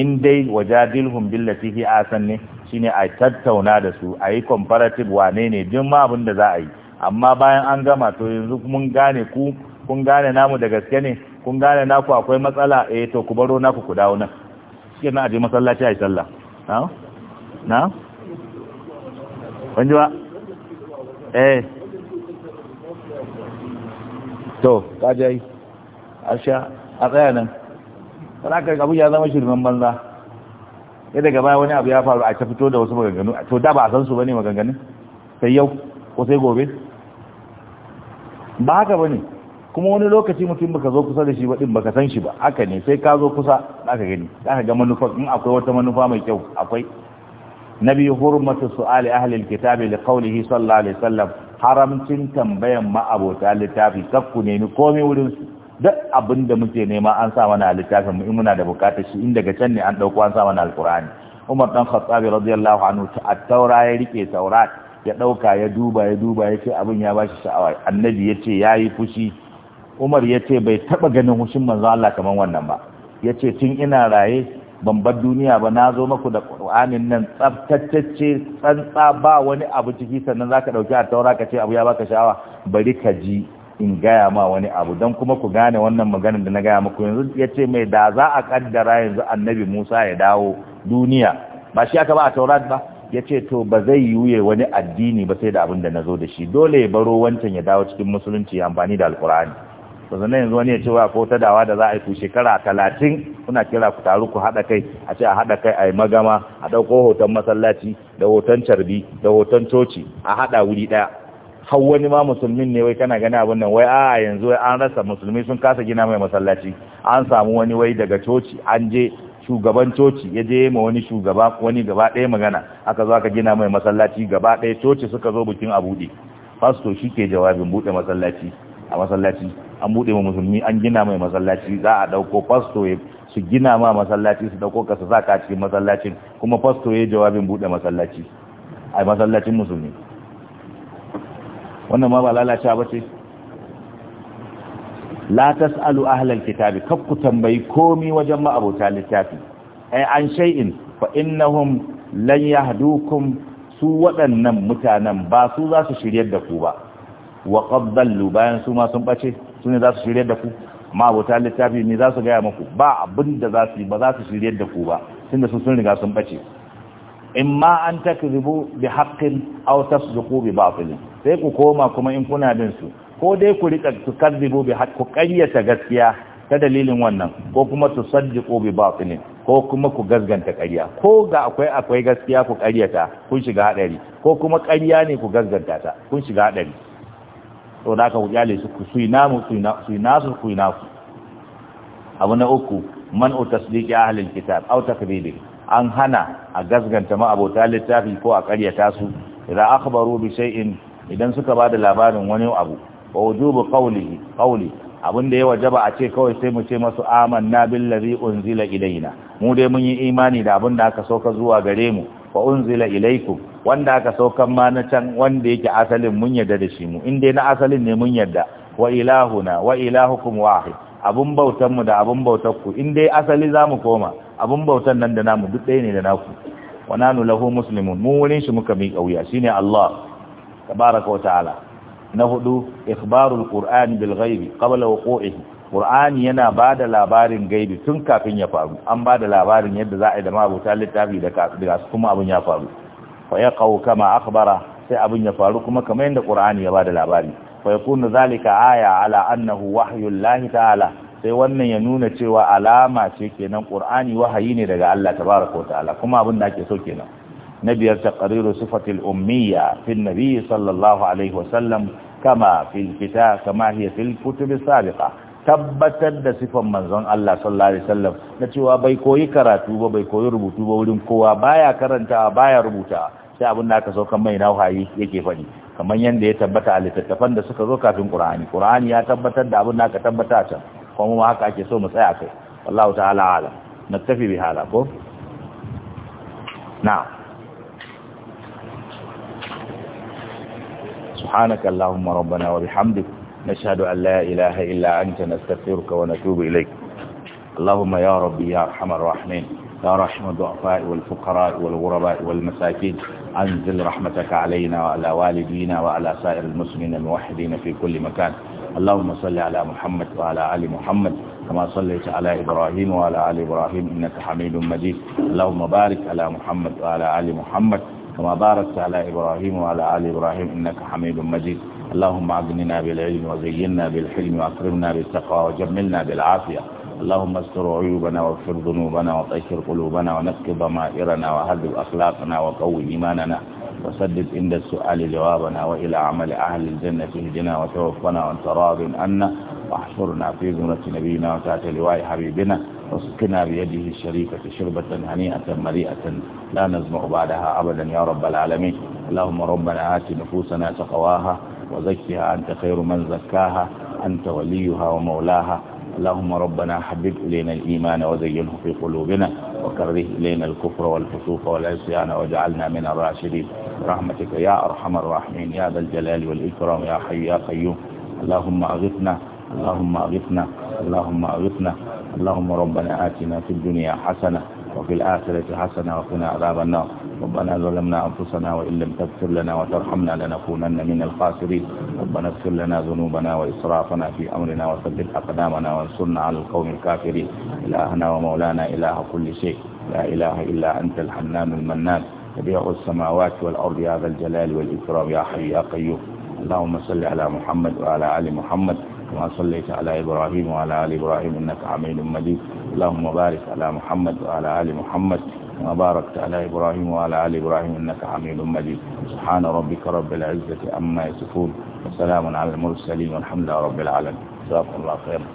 in dai wajadilhum billati hi asan ne shine a tattauna da su a yi comparative wane ne duk ma abin da za a yi amma bayan an gama to yanzu mun gane ku kun gane namu da gaske ne kun gane naku akwai matsala eh to ku baro naku ku dawo nan shi na aje masallaci a yi sallah na na wanjuwa eh to kaje a sha a tsaya nan ka abu ya zama shirman banza ya daga baya wani abu ya faru a ta fito da wasu maganganu to da ba a san su bane maganganu sai yau ko sai gobe ba haka bane kuma wani lokaci mutum baka zo kusa da shi ba din baka san shi ba haka ne sai ka zo kusa zaka gani zaka ga manufa in akwai wata manufa mai kyau akwai nabi hurmatu su'ali ahli alkitabi liqawlihi sallallahu alaihi wasallam haramcin tambayan ma abota littafi kakku ne ni komai wurin su duk abin da muke nema an sa mana littafin mu in muna da bukatar shi inda daga can ne an dauko an sa mana alqur'ani Umar dan Khattab radiyallahu anhu ta taura ya rike taurat ya dauka ya duba ya duba ya ce abin ya bashi sha'awa annabi ya ce yayi fushi Umar ya ce bai taba ganin hushin manzo Allah kaman wannan ba ya ce tun ina raye ban bar duniya ba na zo maku da qur'anin nan tsabtacce tsantsa ba wani abu ciki sannan zaka ka ɗauki a taura ka ce abu ya baka sha'awa bari ka ji in gaya ma wani abu don kuma ku gane wannan maganin da na gaya maku yanzu ya ce mai da za a kaddara yanzu annabi musa ya dawo duniya ba shi aka ba a taurat ba ya ce to ba zai wuye wani addini ba sai da abin da na zo da shi dole ya baro wancan ya dawo cikin musulunci amfani da alkur'ani ba sannan yanzu wani ya ce wa ko ta dawa da za a yi ku shekara talatin kuna kira ku taru ku haɗa kai a ce a haɗa kai a yi magama a ɗauko hoton masallaci da hoton carbi da hoton coci a haɗa wuri ɗaya har wani ma musulmin ne wai kana gani abin nan wai a yanzu an rasa musulmi sun kasa gina mai masallaci an samu wani wai daga coci an je shugaban coci ya je ma wani shugaba wani gaba ɗaya magana aka zo aka gina mai masallaci gaba ɗaya coci suka zo bikin a buɗe fasto shi ke jawabin buɗe masallaci a masallaci an buɗe ma musulmi an gina mai masallaci za a ɗauko fasto su gina ma masallaci su ɗauko ka su sa ka cikin masallacin kuma fasto ya jawabin buɗe masallaci a masallacin musulmi wannan ma ba lalacewa ba ce la tas'alu ahlal kitabi kar ku tambayi komi wajen ma'abota littafi ai an shay'in fa innahum lan yahdukum su waɗannan mutanen ba su za su shiryar da ku ba wa qaddallu bayan su ma sun bace su ne za su shiryar da ku ma'abota littafi ne za su gaya muku ba abin da za su ba za su shiryar da ku ba tunda su sun riga sun bace imma an takzibu bi haqqin aw tasduqu bi batil sai ku koma kuma in kuna bin su ko dai ku rika tukazzibu bi haqqi qayyata gaskiya ta dalilin wannan ko kuma tusaddiqu bi batil ko kuma ku gazganta ƙarya ko ga akwai akwai gaskiya ku ƙaryata kun shiga hadari ko kuma ƙarya ne ku gazganta ta kun shiga hadari to da ka wuyale su ku ina mu su ina su kuina abu na uku man utasdiqi ahli kitab aw takdibihi an hana a gasganta ma'abota littafi ko a karyata su idza akhbaru bi shay'in idan suka bada labarin wani abu wa wujubu qawlihi qawli abinda ya wajaba a ce kawai sai mu ce masu amanna billazi unzila ilaina mu dai mun yi imani da abinda aka sauka zuwa gare mu wa unzila ilaikum wanda aka saukan ma na can wanda yake asalin mun yarda da shi mu in dai na asalin ne mun yarda wa ilahuna wa ilahukum wahid abun bautan mu da abun bautar ku in dai asali zamu koma abun bautan nan da namu duk ɗaya ne da naku wa nanu lahu muslimun mu wurin shi muka bi kauya shine Allah tabaraka wa ta'ala na hudu ikhbarul qur'an bil ghaibi qabla wuqu'ihi Qur'ani yana bada labarin gaibi tun kafin ya faru an bada labarin yadda za a yi da mabuta littafi da su kuma abin ya faru fa yaqau kama akhbara sai abin ya faru kuma kamar yadda Qur'ani ya bada labari fa yakunu zalika aya ala annahu wahyu llahi ta'ala sai wannan ya nuna cewa alama ce kenan qur'ani wahayi ne daga Allah tabaraka wataala kuma abin da ake so kenan na biyar taqriru sifatil ummiya fi nabi sallallahu alaihi wasallam kama fil kitab kama hiya fil kutub sabiqa tabbatar da sifan manzon Allah sallallahu alaihi wasallam na cewa bai koyi karatu ba bai koyi rubutu ba wurin kowa baya karantawa baya rubuta sai abin da aka so kan mai nawayi yake faɗi kamar yadda ya tabbata a littattafan da suka zo kafin ƙur'ani ƙur'ani ya tabbatar da abin da aka tabbata can kuma ma haka ake so mu tsaya kai wallahu ta'ala alam naktafi bi hala ko na'am سبحانك اللهم ربنا وبحمدك نشهد أن لا إله إلا أنت نستغفرك ونتوب إليك اللهم يا ربي يا أرحم الراحمين يا رحم الضعفاء والفقراء والغرباء والمساكين أنزل رحمتك علينا وعلى والدينا وعلى سائر المسلمين الموحدين في كل مكان اللهم صل على محمد وعلى آل محمد كما صليت على إبراهيم وعلى آل إبراهيم إنك حميد مجيد اللهم بارك على محمد وعلى آل محمد كما باركت على إبراهيم وعلى آل إبراهيم إنك حميد مجيد اللهم أغننا بالعلم وزينا بالحلم وأكرمنا بالتقوى وجملنا بالعافية اللهم استر عيوبنا واغفر ذنوبنا وطهر قلوبنا ونقض ضمائرنا وهذب أخلاقنا وقوي إيماننا وسدد عند السؤال جوابنا وإلى عمل أهل الجنة اهدنا وتوفنا وانت راض عنا واحشرنا في زمرة نبينا وتحت لواء حبيبنا وسقنا بيده الشريفة شربة هنيئة مليئة لا نزمع بعدها أبدا يا رب العالمين اللهم ربنا آت نفوسنا تقواها وزكها أنت خير من زكاها أنت وليها ومولاها اللهم ربنا حبب إلينا الإيمان وزينه في قلوبنا وكره إلينا الكفر والفسوق والعصيان واجعلنا من الراشدين برحمتك يا أرحم الراحمين يا ذا الجلال والإكرام يا حي يا قيوم اللهم أغثنا اللهم أغثنا اللهم أغثنا اللهم ربنا آتنا في الدنيا حسنة وفي الآخرة حسنة وقنا عذاب النار ربنا ظلمنا أنفسنا وإن لم تغفر لنا وترحمنا لنكونن من الخاسرين ربنا اغفر لنا ذنوبنا وإسرافنا في أمرنا وثبت أقدامنا وانصرنا على القوم الكافرين إلهنا ومولانا إله كل شيء لا إله إلا أنت الحنان المنان تبيع السماوات والأرض يا ذا الجلال والإكرام يا حي يا قيوم اللهم صل على محمد وعلى آل محمد كما صليت على إبراهيم وعلى آل إبراهيم إنك حميد مجيد اللهم بارك على محمد وعلى آل محمد كما باركت على إبراهيم وعلى آل إبراهيم إنك حميد مجيد سبحان ربك رب العزة عما يصفون وسلام على المرسلين والحمد لله رب العالمين جزاكم الله خيرا